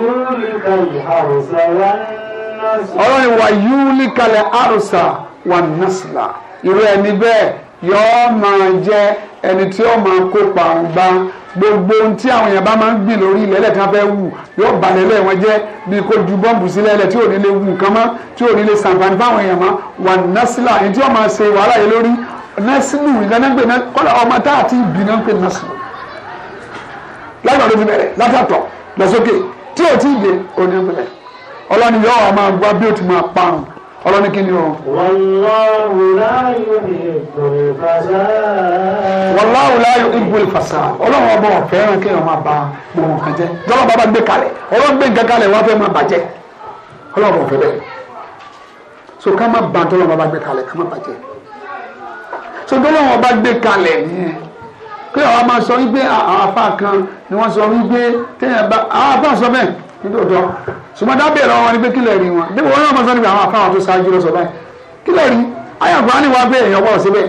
wà yúlíkalẹ̀ àrùsà wà násìlà irú ẹni bẹ́ẹ̀ yọ́ọ́ máa jẹ́ ẹni tí ó máa kópa ọ̀gbá gbogbo ohun tí àwọn èèyàn bá máa ń gbìn lórí ilẹ̀ ẹlẹ́kan fẹ́ wù yóò balẹ̀ lẹ́wọ̀n jẹ́ bíi kó ju bọ́ǹbù sílẹ̀ ẹlẹ́ tí ò ní lè wù nǹkan mọ́ tí ò ní lè sàǹfààní fáwọn èèyàn mọ́ wà násìlà èyí tí wọ́n máa ṣe wàhálà yìí lórí násìlù ìdánágbè náà kọ́lá ọmọ tá àti ìbí náà ń pè násìlù. lágbà ló fi bẹ̀rẹ̀ látàtọ̀ lọ sókè tí ò tí ì ọlọ́ni kí ni o. wallahu la yuhibbul fasad. wallahu la yuhibbul fasad ọlọ́run ọba ọ̀fẹ́ràn kéèyàn máa ba gbogbo nǹkan jẹ́ jọlọ́ bàbá gbé kalẹ̀ ọlọ́run gbé nǹkan kalẹ̀ wọ́n fẹ́ máa bàjẹ́ ọlọ́run ọ̀fẹ́ bẹ́ẹ̀ so ká má ba jọlọ́ bàbá gbé kalẹ̀ ká má bàjẹ́ so jọlọ́ wọn bá gbé kalẹ̀ nìyẹn kéèyàn wá máa sọ wípé àwọn afá kan ni wọ́n sọ wípé kéèyàn bá àwọn afá sọ bẹ́ẹ̀ nítòótọ́ ṣùgbọ́n dábìá lọ́wọ́ wọn ni pé kílẹ̀ rí wọn bí wọ́n náà mọ̀ sọ́ni pé àwọn afáwọn tó ṣáájú lọ sọ báyìí kílẹ̀ rí ayàgbọ́n á ní wá pé èèyàn bọ̀ síbẹ̀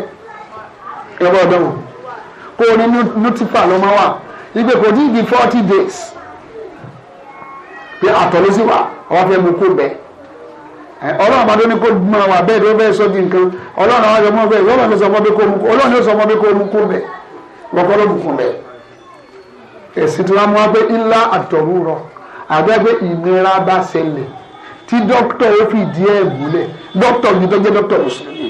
èèyàn bọ̀ dánwò kó o ní nutifa ló máa wà ibẹ̀ kò ní di forty days pé àtọ̀ ló sì wà ọba fẹ́ mu kó bẹ́ẹ̀ ọlọ́run àbádọ́ ni kó máa wà bẹ́ẹ̀ tó bẹ́ẹ̀ sọ di nǹkan ọlọ́run àwọn àjọmọ́ bẹ́ẹ̀ ìwọ́n ló sọ ọmọ bẹ́ẹ̀ kó mu ọlọ́run ló sọ ọmọ bẹ́ẹ̀ kó mu kó wọ́n àgbẹ̀gbẹ̀ ìnira bá ṣẹlẹ̀ tí dókítà ó fìdí ẹ̀ múlẹ̀ dókítà ní tó jẹ́ dókítà mùsùlùmí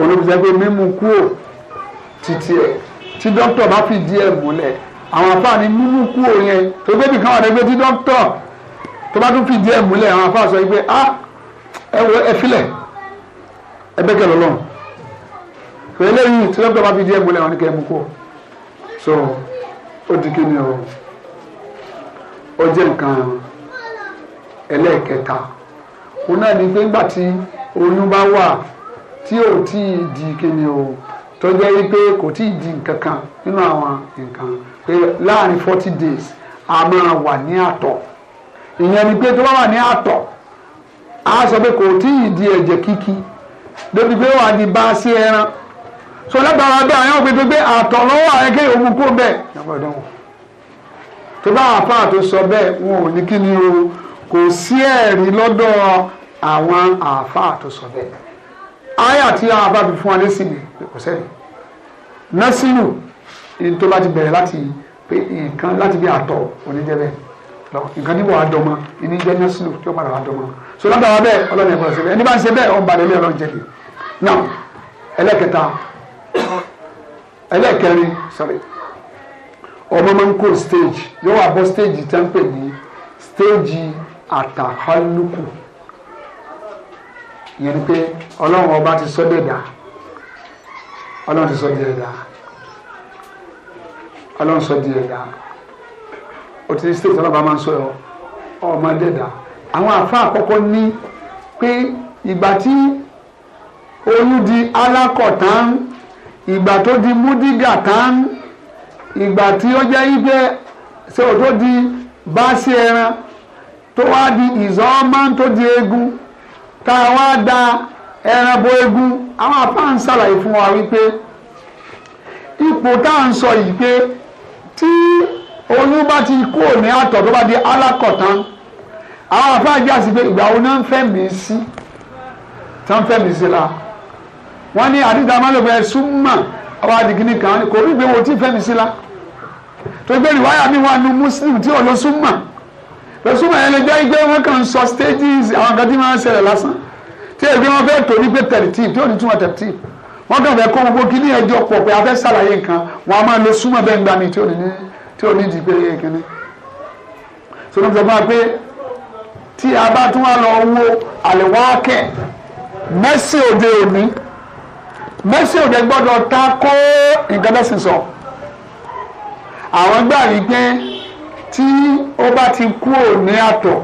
olùbùsẹ̀ pé mímú kúò títí ẹ̀ tí dókítà bá fìdí ẹ̀ múlẹ̀ àwọn afáàní mímú kúò yẹn tó bébì kan wà lẹ́gbẹ́ tí dókítà tó bá tún fìdí ẹ̀ múlẹ̀ àwọn afáà sọ pé a ẹ wọ ẹ filẹ̀ ẹ bẹ́ẹ̀ kẹlẹ́ lọ́n pẹ̀lú èyí tí dókítà bá fìdí ẹ̀ múlẹ̀ àwọn ni kẹ́ mú kúò so ó di kí ni o ó jẹ́ nǹkan ẹlẹ́ẹ̀kẹta òun náà ni pé nígbà tí oyún bá wà tí ò tí ì di kíni o tó jẹ́ wípé kò tí ì di nǹkan nínú àwọn nǹkan pé láàrin forty days a máa wà ní àtọ̀ ìyẹn ni pé tó bá wà ní àtọ̀ a sọ pé kò tí ì di ẹ̀jẹ̀ kíkí débi pé wà á di bá sí ẹran so lábàárà bẹ́ẹ̀ àwọn ọ̀gbìn tó gbé àtọ̀ lọ́wọ́ àyẹ̀kẹ́ òun kú bẹ́ẹ̀ tó bá àfáà tó sọ bẹ́ẹ̀ wọn ò ní kí ni o kò sí ẹ̀rí lọ́dọ̀ àwọn àfáà tó sọ bẹ́ẹ̀ àyà tí àfáà fi fún wa lẹ́sìn ni kò sẹ́ni násìlù tó bá ti bẹ̀rẹ̀ láti pé nǹkan láti bí àtọ̀ oníjẹ́ bẹ́ẹ̀ nǹkan níbo àdọ́mọ oníjẹ́ násìlù tí ó padà àdọ́mọ so lọ́dọ̀ wa bẹ́ẹ̀ ọlọ́run ẹ̀kọ́ ṣe bẹ́ẹ̀ ẹni bá ń ṣe bẹ́ẹ̀ ọ̀n balẹ̀ ilé ọlọ́run jẹ́ bi now ẹlẹ́kẹta ẹlẹ́kẹrin sorry ọmọ máa ń kó stage yóò wá bọ́ stage tẹ́ ń pè ní stage àtàkálùkù ìyẹn ni pé ọlọ́run ọba ti sọ dẹ̀dà ọlọ́run ti sọ dẹ̀dà ọlọ́run sọ dẹ̀dà o ti ní stage ọlọ́ba máa ń sọ ọmọ dẹ̀dà àwọn àfa àkọ́kọ́ ní pé ìgbà tí oyún di alákọ̀tán ìgbà tó di múdígà tán ìgbà tí ó jẹ́ ife ṣé o tó di báṣẹ ẹran tó wá di ìzọ́ọ́mọ́ tó di eegun tá a wá da ẹran bo eegun àwọn apá ń ṣàlàyé fún wa wípé ipò tá à ń sọ yìí pé tí oyún bá ti kú òní àtọ̀ tó bá di alákọ̀tán àwọn àfáà já sí pé ìgbà òun náà ń fẹ́ mí sí tí wọ́n ń fẹ́ mí sí la wọ́n ní àdìgbà máa lò fẹ́ súnmọ́ àwọn àdìgínní kan kò rí ìgbéwò tí fẹ́mi sí la tó gbé rìwáyà mi wà nù muslim tí ò lọ súnmọ̀ lọ súnmọ̀ yẹn lè jẹ́ ìgbé wọn kàn sọ stages àwọn kan tí wọ́n ń ṣẹlẹ̀ lásán tí èyí wọn fẹ́ tó ní pé tẹ̀rìtì tí ò ní túmọ̀ tẹ̀rìtì wọn kàn fẹ́ kó gbogbo kí ní ẹjọ́ pọ̀ pé a fẹ́ ṣàlàyé nǹkan wọn a máa lọ súnmọ̀ bẹ́ẹ̀ gbani tí ò ní tí ò ní di pé kíní. sọ ló ń sọ fún wa pé tí a bá tún wá lọ wo àlè wákẹ́ mẹ́sì òde òní mẹ́sì ò dẹ̀ gbọ́dọ̀ ta kó nǹkan bẹ́sì sọ àwọn gbà yìí pé tí ó bá ti kú ò ní àtọ̀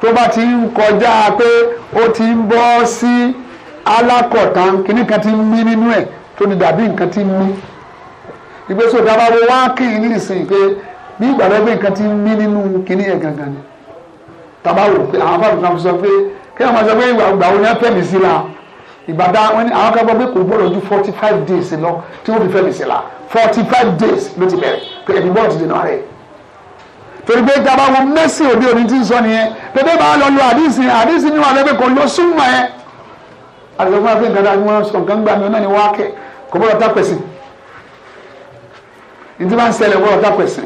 tó bá ti ń kọjá pé ó ti ń bọ́ sí alákọ̀tàn kíní kan ti ń mí nínú ẹ̀ tó ti dàbí nǹkan ti ń mí ìgbésò tá a wá kí n pé bí ìgbà lọ́gbẹ́ nǹkan ti ń mí nínú kíní ẹ̀ gangan ni tá a bá wò pé àwọn afáàlù kan sọ pé kí wọ́n máa sọ pé ìgbà wo ni wọ́n fẹ́ mi sí la ìgbàdá wọn ni àwọn kan gbọ́ pé kò gbọ́dọ̀ ju forty five days lọ tí wọ́n fi fẹ́ fèsì la forty five days ló ti bẹ̀rẹ̀ pé ẹ̀mí bọ́ọ̀lù ti dènà rẹ̀ torí pé ìjàmbá wo mẹ́sì òde òní ti ń sọ nìyẹn pépé bá lọ lo àdìsí àdìsí ni wọn àlẹ́ pé kò lọ súnmọ́ ẹ àdìsí fún afẹ́ǹkan dáa ni wọ́n sọ nǹkan gbà mí náà ni wọ́n á kẹ́ kò gbọ́dọ̀ tápẹ̀sì ní ti máa ń ṣẹlẹ̀ gbọ́dọ̀ tápẹ̀sì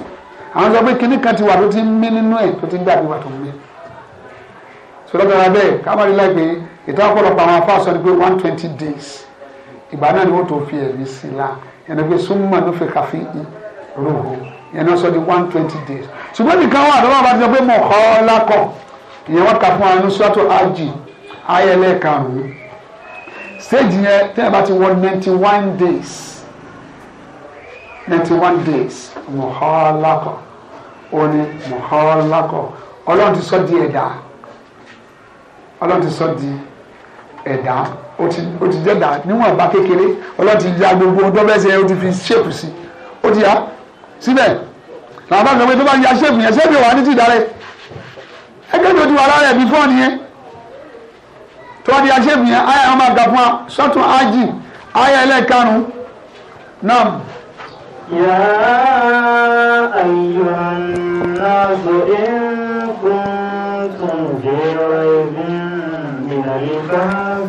àwọn sọ pé kinní kan ti wà tó ti ń mí nínú ẹ̀ tó ti ń gbàdúrà tó ń mí sọlọ́gbàrá bẹ́ẹ̀ kámárì láìpẹ́ ìtàn ọ̀pọ̀lọpọ̀ àwọn afáàsọ ni pé one twenty days ìgbà náà ni wọ́n tó fi ẹ̀mí sí i la ẹni pé súnmọ́ ló fi kàfi rògbò ìyẹn náà sọ di one twenty days ṣùgbọ́n nìkan wà lọ́wọ́ àbájọ pé mọ̀ ọ́ lákọ̀ ìyẹn wọ́n kà fún wa ní sọ́tò ájì ayẹlẹ́ karùn-ún stage yẹn tẹ́ ẹ bá ti wọ ninety one days ninety one days mọ̀ ọ́ lákọ̀ ó ní mọ̀ ọ́ lákọ̀ ọlọ́run ti sọ di ẹ̀dá ọlọ́run ti sọ di ẹ̀dá O ti jẹ́ dà níwọ̀n bá kékeré ọlọ́run ti ya gbogbo ohun o bẹ́ẹ̀ ṣe ó ti fi ṣèpù sí ó ti yá síbẹ̀ làwọn bá sọ pé tó bá ya ṣèpù yẹn ṣèpù wà ní ti dàrẹ́ ẹgbẹ́ tó ti wà lára ẹ̀ bí fọ́ọ̀nù yẹn tó bá ti ya ṣèpù yẹn ayé àwọn máa fún wa sọ́tún ájì ayé ẹlẹ́karùn-ún yà ayọ̀ náà sọ ẹ̀ ń kún tó ń jẹ́ ọ̀rọ̀ ẹ̀gbìn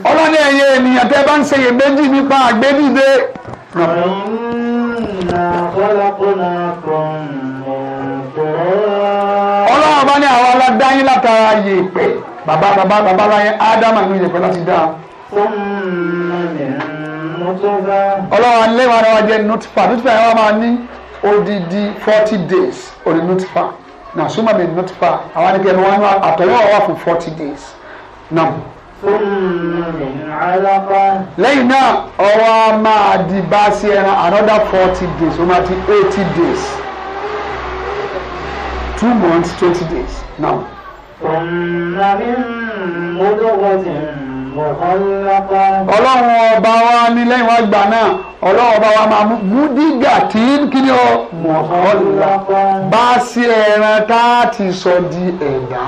ọlọ́ni ẹ̀yẹ ènìyàn tẹ́ bá ń ṣe iyèméjì nípa àgbédìde. ọlọ́run bá ní àwọn aládáyín látara yèèpẹ̀ bàbá bàbá bàbá láyé ádámà ní yèèpẹ̀ láti dá. ọlọ́run alẹ́ wa ni wọ́n jẹ́ nutfa nutfa yẹn wọ́n máa ní odidi forty days orí nutfa na suma mi nutfa àwọn anìkẹ́ ni wọ́n á àtọ̀wọ́ wà fún forty days. Now lẹ́yìn náà ọwọ́ a máa di bá sí ẹran another forty days ó máa di eighty days two months twenty days now. ọlọ́run ọba wa ní lẹ́yìn wá gbà náà ọlọ́run ọba wa máa mú dígbà tí kí ni ó bá sí ẹran tá a ti sọ di ẹ̀dá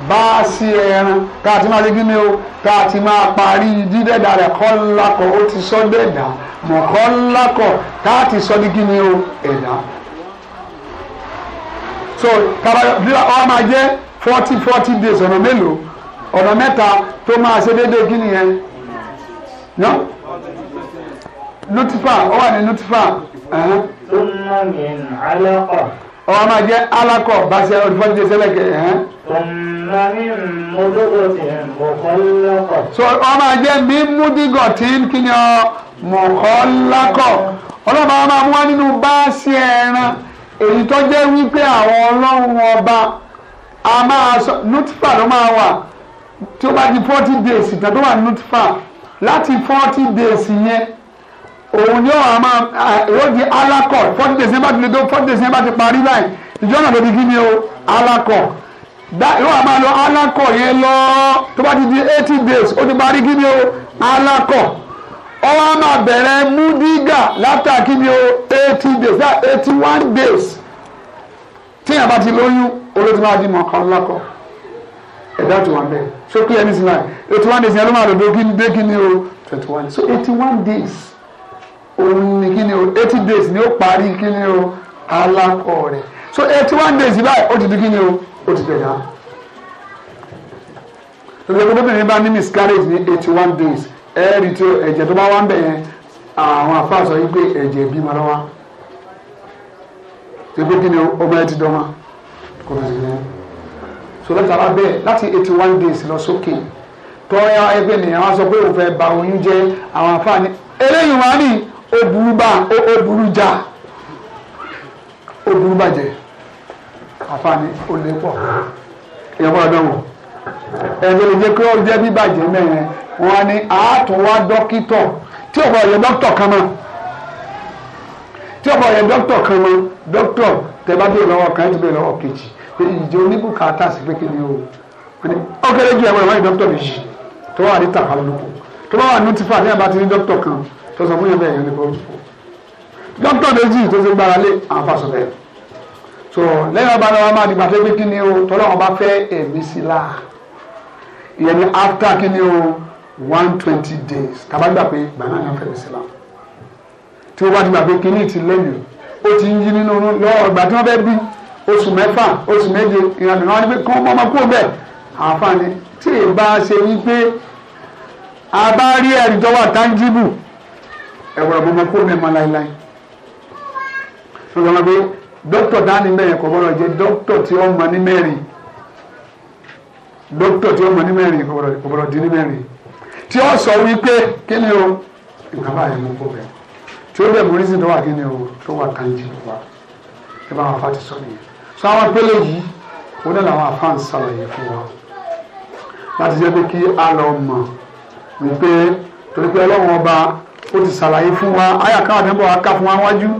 bá sí ẹran ká ti máa ṣe kí o ká ti máa parí dídẹ̀dà rẹ̀ kọ́ ńlákọ̀ ó ti sọ dẹ̀dà mọ̀ kọ́ ńlákọ̀ ká ti sọ ní o ẹ̀dá. so kábàlá ọ máa jẹ́ forty forty days ọ̀nà mélòó ọ̀nà mẹ́ta tó máa ṣe déédéé kí nìyẹn no nutifa ó wà ní nutifa. sọ́nà mi àlẹ́ kọ̀ ọwọ́ máa jẹ́ alákọ̀ bá ṣe olùfọ́njẹ sẹ́lẹ̀ kẹ̀ ẹ́. so ọwọ́ máa jẹ́ mímúdígọ̀ tí kí ni ọ mọ̀kọ́lákọ̀ ọlọ́ba máa mú wá nínú bá ṣe ẹran èyí tó jẹ́ wípé àwọn ọlọ́run ọba a máa sọ nútífà ló máa wà tó bá di forty days ìtàn tó wà nútífà láti forty days yẹn òun ni ọ̀hún máa yóò di alakọ̀ forty December ní bá ti lè tó forty days ní bá ti parí báyìí ìjọ náà ló di kíni o alakọ̀ yóò máa lọ alakọ̀ yẹn lọ tó bá ti di eighty days ó ti parí kíni o alakọ̀ ọwọ́ a máa bẹ̀rẹ̀ múdígà látà kíni o eighty days that eighty one days tíyàn bá ti lóyún olóòtú máa di mọ̀ọ́kàn lakọ̀ ẹ̀dá tó wà bẹ́ẹ̀ so clear this line eighty one days yẹn ló máa lọ dé kíni o twenty one so eighty one days. òun ni kí ni o eighty days ni ó parí kí ni o alákọ̀ rẹ̀ so eighty one days báyìí ó ti di kí ni o ó ti dẹ̀dá tòlẹ́ pé lóbìnrin bá ní miscarriage ní eighty one days ẹ̀ẹ́rì tí ẹ̀jẹ̀ tó bá wá ń bẹ̀ yẹn àwọn àfáà sọ yìí pé ẹ̀jẹ̀ ìbímọ lọ́wọ́ tó kí ni ọmọ ẹ ti dọ́mọ kò tó ti yẹn so látara bẹ́ẹ̀ láti eighty one days lọ sókè tọ́ya ẹgbẹ́ nìyẹn wá sọ pé òun fẹ́ ba oyún jẹ́ àwọn àfáà ní eléyìí wá ní ó burú bá ó burú já ó burú bàjẹ́ àfààní ó lé pọ̀ èèyàn bọ́ra dánwò ẹ̀jẹ̀ lè jẹ́ pé ó jẹ́ bíbàjẹ́ mẹ́rin wọn á ní àátún wá dókítọ̀ tí ọ̀pọ̀ ọ̀yẹ́ dókítọ̀ kan mọ́ tí ọ̀pọ̀ ọ̀yẹ́ dókítọ̀ kan mọ́ dókítọ̀ tẹ́ bá bèèrè lọ́wọ́ kan ẹ̀ tún bèèrè lọ́wọ́ kejì ìjọ oníbùkátà sí pé kí ni o ó kéré jù ẹ̀wọ̀n ìwọ̀n ìdókítọ̀ méjì tó wà ní tàkàlùkù tó bá wà ní tìfà ní àbá ti ní dókítọ̀ kan tó sọ fún yẹn bẹ́ẹ̀ yẹn ní kó jù dókítà méjì tó ṣe gbára lé àwọn fásitì bẹ́ẹ̀ so lẹ́yìn ọba náà wọ́n máa dìgbà tó gbé kí ni o tọ́lọ́ wọn bá fẹ́ ẹ̀mí sí la ìyẹn ni after kí ni o one twenty days tàbá gbà pé gbàgbà náà fẹ́ ẹ̀mí sí la tí wọ́n bá dìgbà pé kí ni ti lẹ́yìn ó ti ń yí nínú lọ́wọ́ ìgbà tí wọ́n fẹ́ bí oṣù mẹ́fà oṣù méje ìrìnàjò náà wọ́n ní pé kí wọ́n máa kú bẹ́ẹ̀ àǹfààní tí ì bá ṣe wípé a bá rí ẹ̀rí tó wà tangible ẹ̀wọ̀n ọ̀bọ̀n kó mi mọ́ láéláé ṣùgbọ́n pé dókítà dání mẹ́rin kò gbọ́dọ̀ jẹ́ dókítà tí ó mọ ní mẹ́rin dókítà tí ó mọ ní mẹ́rin kò gbọ́dọ̀ dín ní mẹ́rin tí ó sọ wípé kí ni o nǹkan báyìí mú kó bẹ̀ tí ó bẹ̀ mú rísìn tó wà kí ni o tó wà kanji wa ẹ bá wọn fa ti sọ nìyẹn sọ àwọn pélé yìí ó dẹ̀ làwọn àfáàn sàlàyé fún wa láti jẹ́ pé kí a lọ wípé torí pé ọlọ́run ọba ó ti ṣàlàyé fún wa àyà káwọn àti ẹ̀bọ̀ wa ká fún wa wájú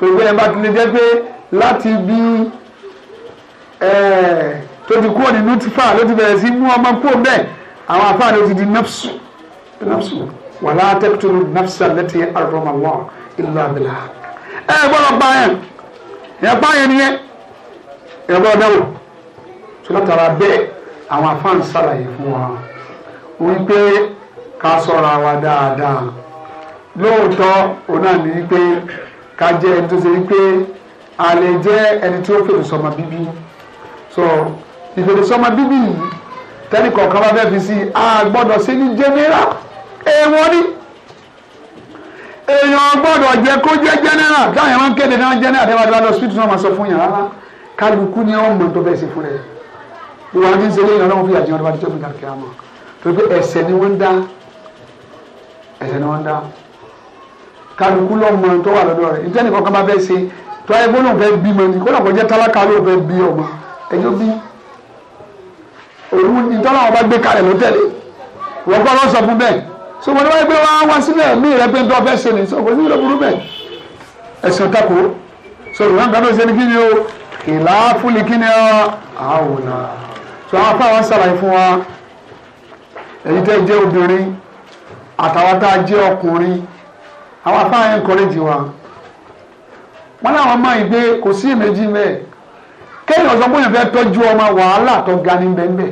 torí pé ẹ bá ti lè jẹ́ pé láti bí tó ti kúrò ní nútífà ló ti bẹ̀rẹ̀ sí mú ọmọ kúrò bẹ́ẹ̀ àwọn afáà ló ti di nafsu nafsu wàlá taqtulu nafsa allati harrama Allah illa billah ẹ gbọ́dọ̀ pa yẹn ẹ pa yẹn nìyẹn ẹ gbọ́dọ̀ dáwọ̀ tó látara bẹ́ẹ̀ àwọn afáà ń ṣàlàyé fún wa wípé ká ṣọ́ra wa dáadáa lóòótọ́ òun náà ní pé ká jẹ́ ẹni tó ṣe pé a lè jẹ́ ẹni tí fèrè sọmọ bíbí so ìfèrè sọmọ bíbí yìí tẹ́nì kọ̀ọ̀kan bá fẹ́ fi sí a gbọ́dọ̀ sí ní jẹ́nẹ́rà èèwọ̀ ni èèyàn gbọ́dọ̀ jẹ́ kó jẹ́ jẹ́nẹ́rà táwọn èèyàn kéde náà jẹ́nẹ́rà tẹ́wọ́ adúlá lọ síbítù náà máa sọ fún yàrá kálukú ni ọmọ tó bẹ́ẹ̀ ṣe fún rẹ̀ ìwà àti ìṣẹ̀lẹ̀ ìyàrá wọn fi àjẹmọ́ tó bá ti jọ́ mi kàkiri àmọ́ torí pé ẹ̀ṣẹ̀ ni wọ́n ń dá ẹ̀ṣẹ̀ ni wọ́n dá kálukú lọ́mọ tó wà lọ́dọ̀ rẹ̀ ìtẹ́ni kankan bá fẹ́ ṣe tó ayé bó lóun fẹ́ bímọ ni kó lọ́kọ̀ jẹ́ tálákà lóun fẹ́ bí ọmọ ẹjọ́ bí òun ìtọ́lá wọn bá gbé kalẹ̀ ló tẹ̀lé wọ́n kọ́ lọ́ sọ fún bẹ́ẹ̀ so wọ́n ní wọ́n gbé wá wá sílẹ̀ mí rẹ pé tó fẹ́ ṣe ni so kò sí ìlọ́burú bẹ́ẹ̀ tako so ìwọ́n kan tó ni kí o ìlà fúli kí ni ọ àwòrán so àwọn afáwọn sàlàyé fún wa èyí tẹ́ obìnrin àtàwọn tá a jẹ́ ọkùnrin àwọn afáàyè ń kọ́lẹ́jì wa wọn làwọn máa ń gbé kò sí èméjì mẹ́ẹ̀ kéèyàn sọ pé èèyàn fẹ́ ọmọ wàhálà tó ga ní bẹ́ẹ̀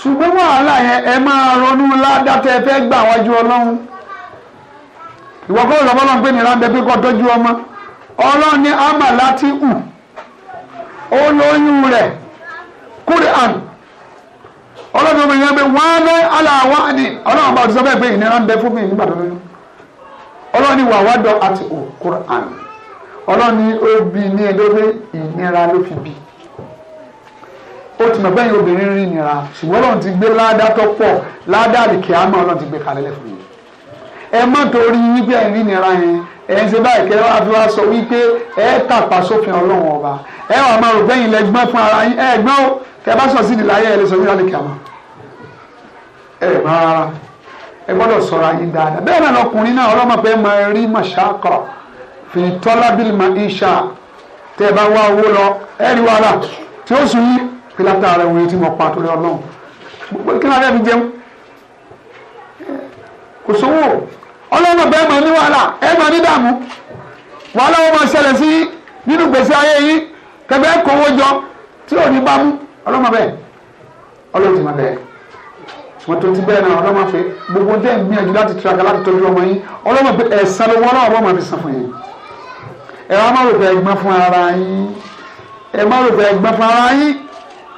ṣùgbọ́n wàhálà yẹn ẹ máa ronú ládàtẹ́ fẹ́ gbà wájú ọlọ́run ìwọ kọ́ ìrọ̀bọ́ náà ń ní ìrànbẹ́ pé kọ́ tọ́jú ọmọ ọlọ́run ní láti hù olóyún ọlọ́run ọmọ yẹn ni ọlọ́run bá ọlọ́run ni wàá wádọ́ àti Qur'an ọlọ́run ni ó bí ní ẹjọ́ pé ìnira ló fi bí ó ti mọ̀ bẹ́yìn obìnrin rí ìnira ṣùgbọ́n ọlọ́run ti gbé ládá tó pọ̀ ládá àlìkè àmọ́ ọlọ́run ti gbé kalẹ̀ fún yín ẹ má torí wípé ẹ̀ ń rí ìnira yẹn ẹ̀ ń ṣe báyìí kẹ́ wá fi wá sọ wípé ẹ tàpá sófin ọlọ́run ọba ẹ wà máa rò bẹ́yìn lẹ́gbọ́n fún ara yín ẹ gbọ́n o bá sọ sídìí láyé ẹ lè sọ wípé àlìkè àmọ́ ẹ má rárá ẹ gbọ́dọ̀ sọ̀rọ̀ ayé dáadáa bẹ́ẹ̀ náà lọkùnrin náà ọlọ́mọ pé máa rí màṣákọ̀ fi tọ́lábìlì máa ń ṣá tẹ́ ẹ bá wá owó lọ ẹ rí wàhálà tí ó sùn yìí kí látà rẹ wòye tí mo pa torí ọlọ́run gbogbo kí lára mi jẹun kò sówó ọlọ́mọ bẹ́ẹ̀ máa ní wàhálà ẹ máa ní dààmú wàhálà wọn máa ṣẹlẹ̀ sí nínú gbèsè ayé yìí kẹgbẹ́ kówó jọ tí ò ní bá ọlọ́mọ bẹ́ẹ̀ ọlọ́run ti máa bẹ́ẹ̀ wọn tó ti bẹ́ẹ̀ náà ọlọ́mọ fẹ́ gbogbo dé gbìyànjú láti tiraka láti tọ́jú ọmọ yín ọlọ́mọ pé ẹ̀sán ló wọ́n ọlọ́mọ fi san fún yín ẹ wá má rò pé ẹgbọ́n fún ara yín ẹ má rò pé ẹgbọ́n fún ara yín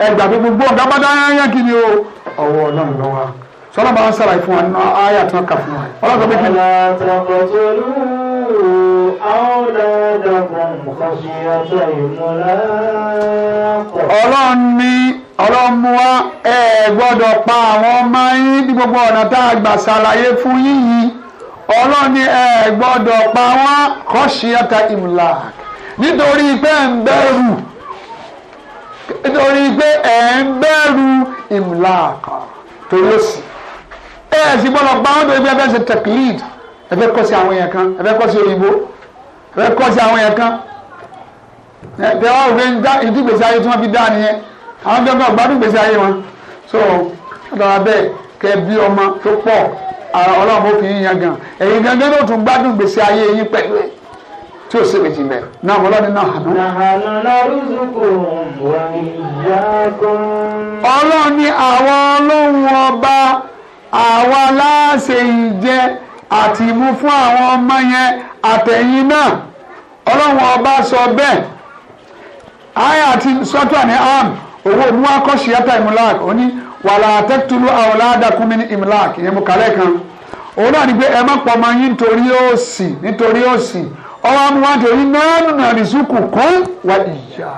ẹ gbà pé gbogbo ọ̀gá bá dáná yán kí ni o ọwọ́ ọlọ́run ló wà sọlá bá ń sàlàyé fún wa nínú àyà tó ń kà fún wa ọlọ́run tó bí kí ni. ọlọ́run ní ọlọ́mú wa ẹ gbọ́dọ̀ pa àwọn ọmọ yín ní gbogbo ọ̀nà tá a gbà ṣàlàyé fún yín yìí ọlọ́ni ẹ gbọ́dọ̀ pa wọ́n kọ́ṣíọ́tà ìmùlà nítorí pé ẹ̀ ń bẹ̀rù nítorí pé ẹ̀ ń bẹ̀rù ìmùlà tó yẹ sí ẹ ẹ sì gbọ́dọ̀ pa wọ́n torí pé fẹ́ ṣe tẹ̀klid ẹ fẹ́ kọ́ sí àwọn èèyàn kan ẹ fẹ́ kọ́ sí òyìnbó ẹ fẹ́ kọ́ sí àwọn èèyàn kan ẹ tẹ́wọ́ òfin ìdígbèsí ayé tí wọ́n fi dá nìyẹn. àwọn gbẹgbẹ gbádùn gbèsè ayé wọn so ọdọọdọ bẹ́ẹ̀ kẹ bí ọmọ tó pọ̀ Ọlọ́run fi yín yan gan ẹ̀yin gangan ló tún gbádùn gbèsè ayé yín pẹ̀lú tí ó sèwé náà náà ni àwọn ọlọ́run ọba àwa láṣẹ ìjẹ àti ìmú fún àwọn ọmọ yẹn àtẹ̀yìn náà ọlọ́run ọba sọ bẹ́ẹ̀ àti sọ́tọ̀ ní owó mú akọ́ṣe yàtọ̀ imlak ó wàlà àtẹ́kùtùlù àwòládàkùn mi ní imlak ìyẹn kàlẹ́ kan òun náà ni pé ẹ má pọ̀ ọmọ yín nítorí òsì nítorí òsì ọwọ́ mú wá nítorí náà kún ìyá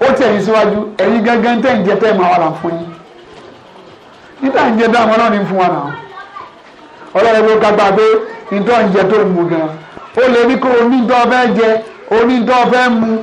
ó tẹ̀ yín síwájú ẹ̀yin gángan tẹ̀ ń jẹ wà lá fún yín ń jẹ dáhùn ọlọ́run fún wa náà ọlọ́run ló pé nítorí ń jẹ tó gan ó lè ní mu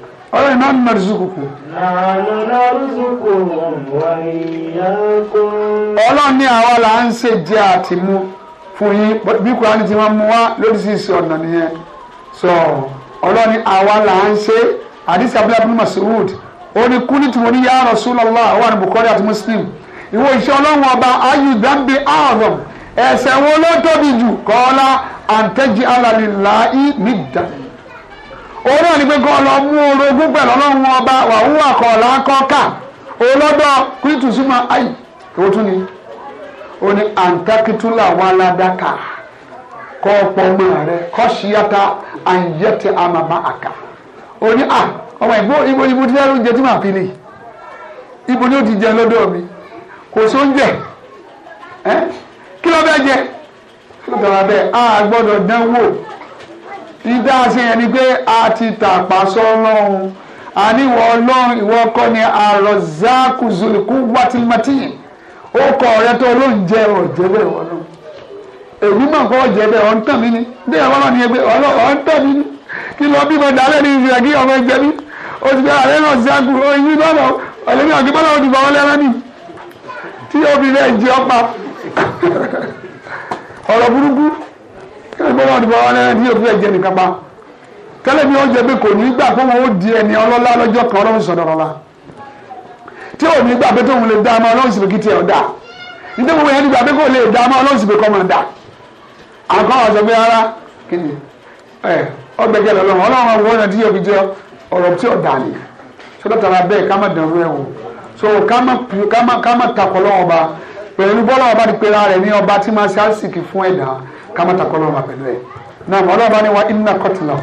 ọlọ́run náà nínú àdúzùkù kù. ọlọ́run ní àwa là ń ṣe jẹ́ àtìmú fún yín bí kúránì ti máa mú wá lóríṣiríṣi ọ̀nà nìyẹn sọ ọlọ́run àwa là ń ṣe àdìsí abúlé Mas'ud ó ní kú nítorí wọn ní ya Rasulullah àwọn àrùn Bukhari àti Muslim ìwọ iṣẹ́ ọlọ́run ọba ayé ìdáǹdè ààrùn ẹ̀ṣẹ̀ wo ló tóbi jù kọ́ọ́lá àǹtẹ́jì alàlè láì nídàá òun náà ni pé kọ́ lọ mú orogún ọba wàhùn àkọọ̀lá kọ́kà olọ́dọ̀ kúrìtù súnmọ́ tún ni ó ní àǹtákítúlà wà ládàkà ọmọ rẹ kọ́ síyáta àǹyẹ́tẹ̀ àmàmà àkà à ọmọ ìbò tí wọ́n jẹ tí màá fi ni ibo ni ó ti jẹ a dánwò. ìdá ṣe yẹn ni pé a ti tàpá sọ́lọ́run àníwọ̀ ọlọ́run ìwọ ọkọ ni àròzáàkù zùlùkù wátìmátìyìn ó kọ ọ̀rẹ́ tó ló ń jẹ ọ̀jẹ́ bẹ́ẹ̀ wọ́n náà èmi mọ̀ kọ́ ọ̀jẹ́ bẹ́ẹ̀ ọ̀ ń tàn mí ni bí ẹ̀ wọ́n ní ẹgbẹ́ ọ̀ ń tàn mí ni kí lọ bímọ dálẹ́ ní ìrìn àgé ọmọ ẹgbẹ́ mi ó ti gbé ààrẹ náà ṣáàkù oyún lọ́nà ọ̀lẹ́mí àgbẹ̀ bọ́lá òdìbò àwọn lẹ́rán ni tí obìnrin ẹ̀ jẹ́ ọ̀pá ọ̀rọ̀ kẹ́lẹ́ bí wọ́n ti bọ́ wọn lẹ́yìn ní òfin ẹ̀jẹ̀ nìkan pa kẹ́lẹ́ bí wọ́n jẹ pé kò ní gbà pé wọn ó di ẹni ọlọ́lá lọ́jọ́ kan ọlọ́run sọ̀dọ̀ ọ̀la tí ò ní gbà pé tóun lè dá ọmọ ọlọ́run sì pé kí tiẹ̀ ọ̀dà nítorí wọn yẹn ní gbà pé kò lè dá ọmọ ọlọ́run sì pé kọ́ máa dà àkọ́ àwọn sọ pé rárá kí ni ẹ ọgbẹ́kẹ̀lé ọlọ́run ọlọ́run àwọn ọ̀nà tí yóò fi jẹ ọ̀rọ̀ tí ọ̀dà ni sọdọ̀tara bẹ́ẹ̀ ká má dàrú ẹ̀ wò so ká má ká má ọba pẹ̀lú bọ́lá ọba ti pera rẹ̀ ní ọba tí máa ṣe àṣìkì fún ẹ̀dá kama kọ́ lọ́wọ́ pẹ̀lú ẹ̀ náà mọ́ ọlọ́ọ̀bá inna wọ́n iná kọ́tìlá.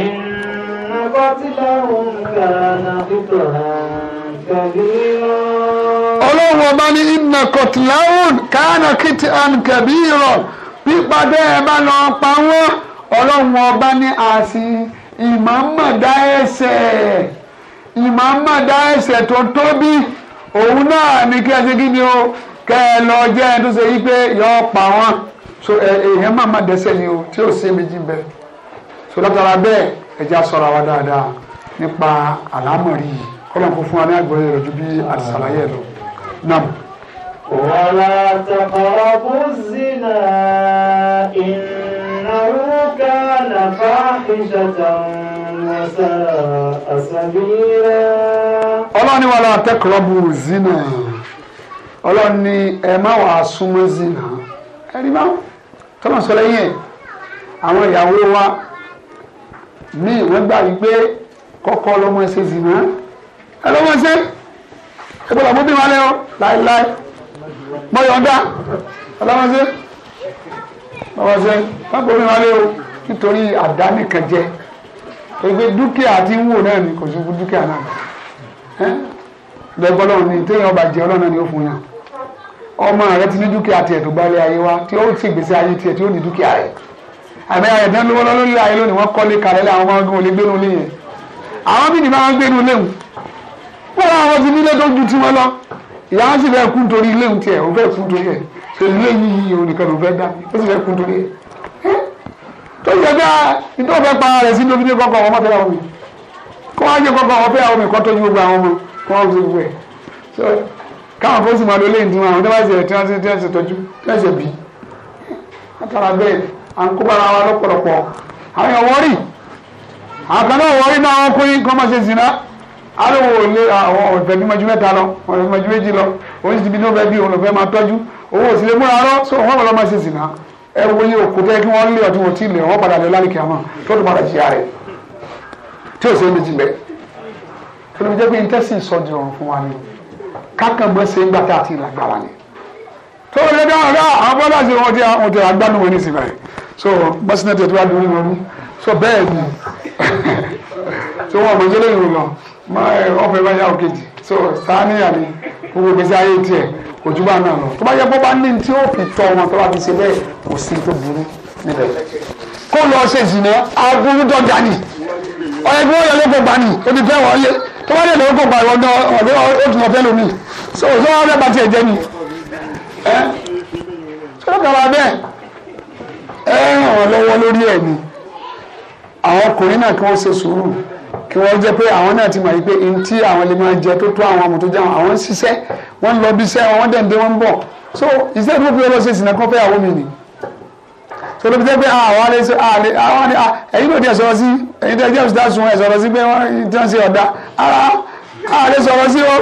iná kọ́tìlá òun kà náà fífọ̀ ọlọ́run ọba ní iná kọ̀tìláhùn káànà kìtì àn kẹ̀bíìrọ̀ pípadé ẹ bá lọ pa wọ́n ọlọ́run ọba ní àsì ìmọ̀ọ́mọ̀dá ẹsẹ̀ ìmọ̀ọ́mọ̀dá ẹsẹ̀ tó tóbi òun náà ní kí ẹ ṣe kí ni o kẹ́ ẹ lọ jẹ́ ẹ tó ṣe yí pé yọ pa wọ́n so èèyàn eh, eh máa dẹ́sẹ̀ ni o tí ò sí méjì bẹ́ẹ̀ so látara bẹ́ẹ̀ ẹja sọ̀rọ̀ àwa dáadáa nípa àlámọ̀rí yìí kọ́lọ̀ kó fún wa ní àgbọ̀rẹ́ rẹ̀ ju bí àṣàlàyé ẹ̀ lọ náà. wàlá tẹ̀kọ̀rọ̀ bó zina ìnáwó kánà fáhìṣàtà wàṣà àṣàbíyà. ọlọ́ni wàlá tẹ̀kọ̀rọ̀ bó zina ọlọ́ni ẹ̀ má wàá súnmọ́ zina ẹ̀rí báwọn tọ́lọ̀ sọ lẹ́yìn ẹ̀ àwọn ìyàwó wa míì wọ́n gbà wípé kọ́kọ́ lọ́mọ ṣe zìnà ẹ lọ́mọ ṣe ẹ gbọ́dọ̀ mú bí wọn lẹ́yọ láéláé mọ yọ̀ǹda ẹ lọ́mọ ṣe lọ́mọ ṣe pápá omi wọn lẹ́yọ nítorí àdánìkànjẹ pé dúkìá tí ń wò náà ni kò sí fún dúkìá náà ẹ lẹ́gbọ́n lọ́wọ́ ni téèyàn ọba jẹ́ ọlọ́run ni ó fún yàn ọmọ rẹ ti ní dúkìá tiẹ̀ tó gbálẹ̀ ayé wa tí ó ti gbèsè ayé tiẹ̀ tí ó ní dúkìá rẹ̀ àmì ayé dán lówó lọ́wọ́ lórí ayé lónìí wọ́n kọ́lé kalẹ̀ lé àwọn ọmọ ogun olè gbénu léyìn àwọn míì ní máa ń gbénu léwu wọ́n àwọn ti nílé tó ju tiwọn lọ ìyá wọn sì fẹ́ kú nítorí ilé tiẹ̀ ó fẹ́ kú nítorí ẹ̀ ṣe ilé yìí onìkan ló fẹ́ dá ó sì fẹ́ kú nítorí ẹ̀ tó yẹ ká ìtọ́ ẹ̀ káwọn fún ìsìnkú àdólé ìdúró àwọn tó bá ṣe tí wọ́n ṣe tí wọ́n ṣe tọ́jú tí wọ́n ṣe bí. látara bẹ́ẹ̀ à ń kó bára wa lọ́pọ̀lọpọ̀ àwọn èèyàn wọ́rì àkànná wọ́rì náà wọ́n kún kí wọ́n máa ṣe zina alówó lé àwọn ọ̀fẹ́ bí mọ́jú mẹ́ta lọ ọ̀fẹ́ bí mọ́jú méjì lọ òun sì ti bí ní ọ̀fẹ́ bí òun ọ̀fẹ́ máa tọ́jú owó òsìlè múra lọ sọ wọ́n lọ́ máa ṣe zina ẹ wo yẹ òkú tẹ́ kí wọ́n lé ọdún òtí lè wọ́n padà lé lálẹ́ àmọ́ tó tó padà jìyà rẹ̀ tí ò sí méjì bẹ́ẹ̀ tó ló jẹ́ pé intestine sọ di fún wa ni kákàmọ́ ṣe ń gbà tá a ti lágbára ni tó o lè dá ọ̀rá àwọn bọ́lá ṣe wọ́n ti àwọn wọn ní ìsìn báyìí so bọ́sínà tó wá dúró wọn mú so bẹ́ẹ̀ ni so wọn mọ̀ jẹ́lẹ̀ ìrù lọ ọ̀fẹ́ bá yà òkèjì so sàníyà ni gbogbo gbèsè ayé tiẹ̀ kò jù bá náà lọ tó bá yẹ kó bá ní tí ó fi tọ́ wọn tó bá fi ṣe bẹ́ẹ̀ kò sí tó burú níbẹ̀ kó lọ ṣe ìsìn náà agbóhùn dọ̀dà tó bá dẹ̀ lọ́wọ́ kó pariwo ọ̀dọ́ ọ̀dọ́ òtún ọ̀fẹ́ lómi so so wọn bẹ́ẹ̀ bá tiẹ̀ jẹ́ ni ẹ so kàrà bẹ́ẹ̀ ẹ ràn wọ́n lọ́wọ́ lórí ẹ̀ ni àwọn ọkùnrin náà kí wọ́n ṣe sùúrù kí wọ́n jẹ́ pé àwọn náà ti mọ̀ yìí pé n tí àwọn lè máa jẹ tó tó àwọn ọmọ tó jẹ́ àwọn àwọn ń ṣiṣẹ́ wọ́n lọ bí iṣẹ́ wọn dẹ̀ ń dé wọ́n ń bọ̀ so iṣẹ́ tó fi ọlọ́sẹ̀ sìnà kọ́ fẹ́ àwọn mi nìyí a bí jẹ́ pé a alẹ́ a àlẹ́ àwọn alẹ́ ẹ̀yin lòdì ẹ̀ sọ̀rọ̀ sí ẹ̀yin tẹ́ jẹ́ òṣìṣẹ́ àṣùwọ̀n ẹ̀ sọ̀rọ̀ sí pé wọ́n ti ń ṣe ọ̀dà ara àlẹ́ sọ̀rọ̀ sí o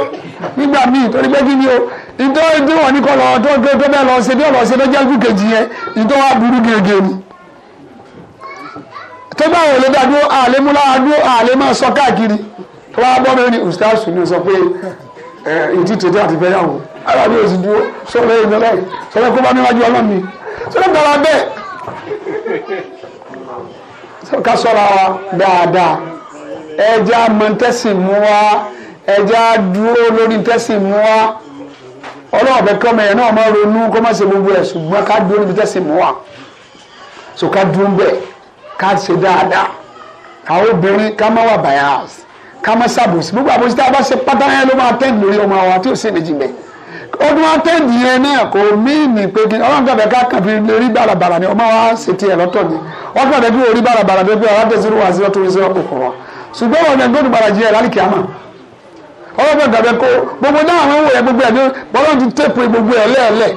nígbà míì torí pé kí ni o nítorí tí wọ́n ní kọ́ lọ tó tó bẹ́ẹ̀ lọ ṣe bí ọ̀lọ́ ṣe tó jẹ́ kú kejì yẹn nítorí wàá burú gègé ni tó bá wò lè a àlè múlá dúró àlè máa sọ káàkiri tó bá bọ́ mẹ́rin ní ustaz ní sọ pé ìdí tètè àti fẹ́yàwó arábí òsì dúró sọ̀rọ̀ èèyàn lọ́rùn sọ̀rọ̀ kó bá níwájú ọlọ́run mi sọ̀rọ̀ gbọ́dọ̀ bẹ́ẹ̀ ká sọ́ra wa dáadáa ẹja mọ̀ntẹ́sìn mú wa ẹja dúró lórí tẹ́sìn mú wa ọlọ́wọ́ bẹ kọ́ mẹ́rin náà máa ronú kó má ṣe gbogbo ẹ̀ ṣùgbọ́n ká dúró níbi tẹ́sìn mú wa so ká dúró bẹ́ẹ̀ ká ṣe dáadáa àwọn obìnrin ká má wà bias ká má ṣàbòsí gbogbo àbòsí tá a bá ṣe pátá yẹn ló máa tẹ́ lórí ọmọ wa tí ò sí èjì bẹ́ẹ̀ ó tún wá tẹ́ẹ̀dì yẹn náà kò míìnì pé kí ọlọ́run tàbí ká kàbí lórí bàràbàrà ni ọmọ wa ṣe tiẹ̀ lọ́tọ̀ ni wọ́n tún tàbí orí bàràbàrà bí wọ́n tẹ̀ sí wàásù lọ́tọ̀ orí sọ́kò kọ̀ wá ṣùgbọ́n wọn yẹn gbọ́dọ̀ bàrà jẹ́ lálẹ́ kíámà ọlọ́run tàbí kó gbogbo náà àwọn wòye gbogbo ẹ̀ ní bọ́lá ti tẹ́pù gbogbo ẹ̀ lẹ́ẹ̀lẹ́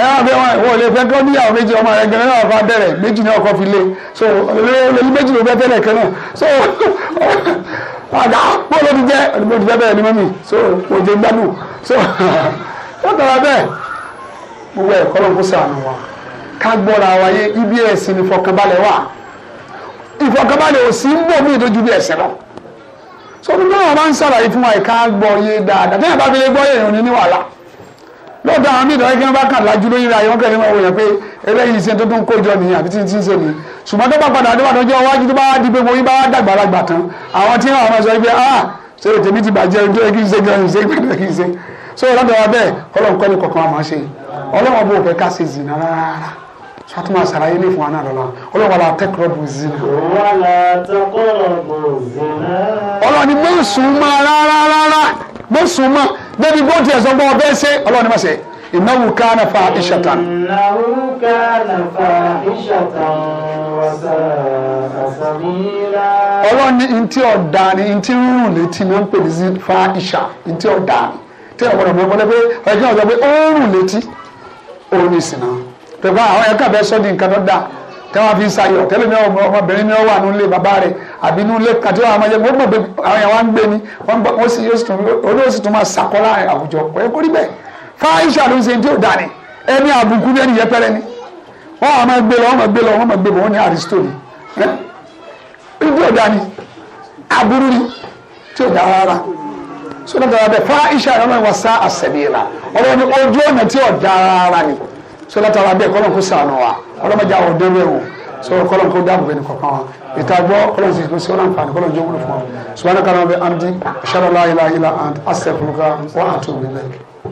ẹ wá fẹ́ wọn ìwọ lè fẹ́ kí wọ́n níyàwó méjì ọmọ rẹ̀ gẹ̀rẹ́ náà fa bẹ̀rẹ̀ méjì náà kọ́ fi lé so olórí méjì ló fẹ́ tẹ́lẹ̀ kan náà so àdá bọ́ọ̀lù ti jẹ́ olùmọ̀tì fẹ́ bẹ̀rẹ̀ ni mọ́mì so òjò gbádùn so. látara bẹ́ẹ̀ gbogbo ẹ̀kọ́ ló ń kó sàánú wa ká gbọ́ra wa yé ibi ẹ̀sìn ni ìfọkànbalẹ̀ wà ìfọkànbalẹ̀ ò sí ń bọ̀ mí ìdójú bí ẹ̀sẹ̀ lọ. sọ́dún náà máa ń sàlàyé fún wa ká gbọ́ yé dáadáa tẹ́yìn bá fi lè gbọ́ èèyàn ní ní wàhálà lọ́dọ̀ àwọn míì dọ̀rẹ́ kí wọ́n bá kàn lájú lórí ra ìwọ́n kẹ́lẹ́ máa wò yẹn pé eléyìí ṣe tó tó ń kójọ nìyẹn àbí tí ń ṣe nìyẹn ṣùgbọ́n tó bá padà dé wàá tọ́jú ọwájú tó bá di pé mo yí bá dàgbà lágbà tán àwọn tí wọ́n máa sọ pé ah ṣe ètèmí ti bàjẹ́ ojú ẹ kí n ṣe gan-an ṣe gbẹ̀dẹ̀ kí n ṣe so lọ́dọ̀ wa bẹ́ẹ̀ ọlọ́run ni ní kọ̀ọ̀kan wa máa ṣe ọlọ́run bò fẹ́ ká ṣe zìnà rárá sọtún máa ṣàlàyé ní fún wa náà lọ́la ọlọ́run wàlá taqrabu zina. wàlá taqrabu zina. ọlọ́run ni mọ̀sùn máa rárá rárá mọ̀sùn máa débi bó tiẹ̀ sọ pé ọbẹ̀ ṣe ọlọ́run ni má ṣe innahu kana fahishatan. innahu kana fahishatan wa sa'a sabila. ọlọ́run ni ntí ọ̀dà ni ntí rúrùn létí ni wọ́n ń pè ní fáìṣà ntí ọ̀dà ni tí àwọn ọ̀rọ̀ mọ́ pé ọjọ́ ọ̀sán pé oorun létí òun ní ìsìn náà pẹ̀lú àwọn ẹ̀ka bẹ́ẹ̀ sọ́ di nǹkan tó dáa tẹ́wọ́n fi ń sayọ̀ tẹ́lẹ̀ ní ọmọbìnrin ní ọwà nílé bàbá rẹ̀ àbí nílé kàtí wọn àmọ́jẹ́ gbogbo pé àwọn yẹn wọ́n ń gbé ni wọ́n sì yóò tún olóò sì tún máa sàkọ́ láàrin àwùjọ kò yẹ kó rí bẹ́ẹ̀ fáyíṣà ló ń ṣe tí ò dáa ni ẹni àbùkù ní ẹni yẹpẹrẹ ni wọ́n á máa gbé lọ wọ́n máa gbé lọ wọ́n máa gbé bọ̀ wọ́n ní àrísítò ni tí ò dáa aburú ni tí ò dáa rárá sọ́dọ̀ dára bẹ́ẹ̀ fá iṣẹ́ wasa wa sá àṣẹ̀bíyìlá ọ̀rọ̀ ni ojú ọ̀nà tí ọ̀dà ara ni sọ́dọ̀ dára bẹ́ẹ̀ kọ́lọ́n kó sànù wa ọlọ́mọdé àwọn ọ̀dẹ́ bẹ́ẹ̀ wò sọ́dọ̀ kọ́lọ́n kó dáàbò bẹ́ẹ̀ ni kọ̀ọ̀kan wa ìta gbọ́ kọ́lọ́n sì sí ọ̀nà nǹkan kọ́lọ́n jẹ́ wúlò fún wa subhanaka rabbil hamdi ashhadu an la ilaha illa wa atubu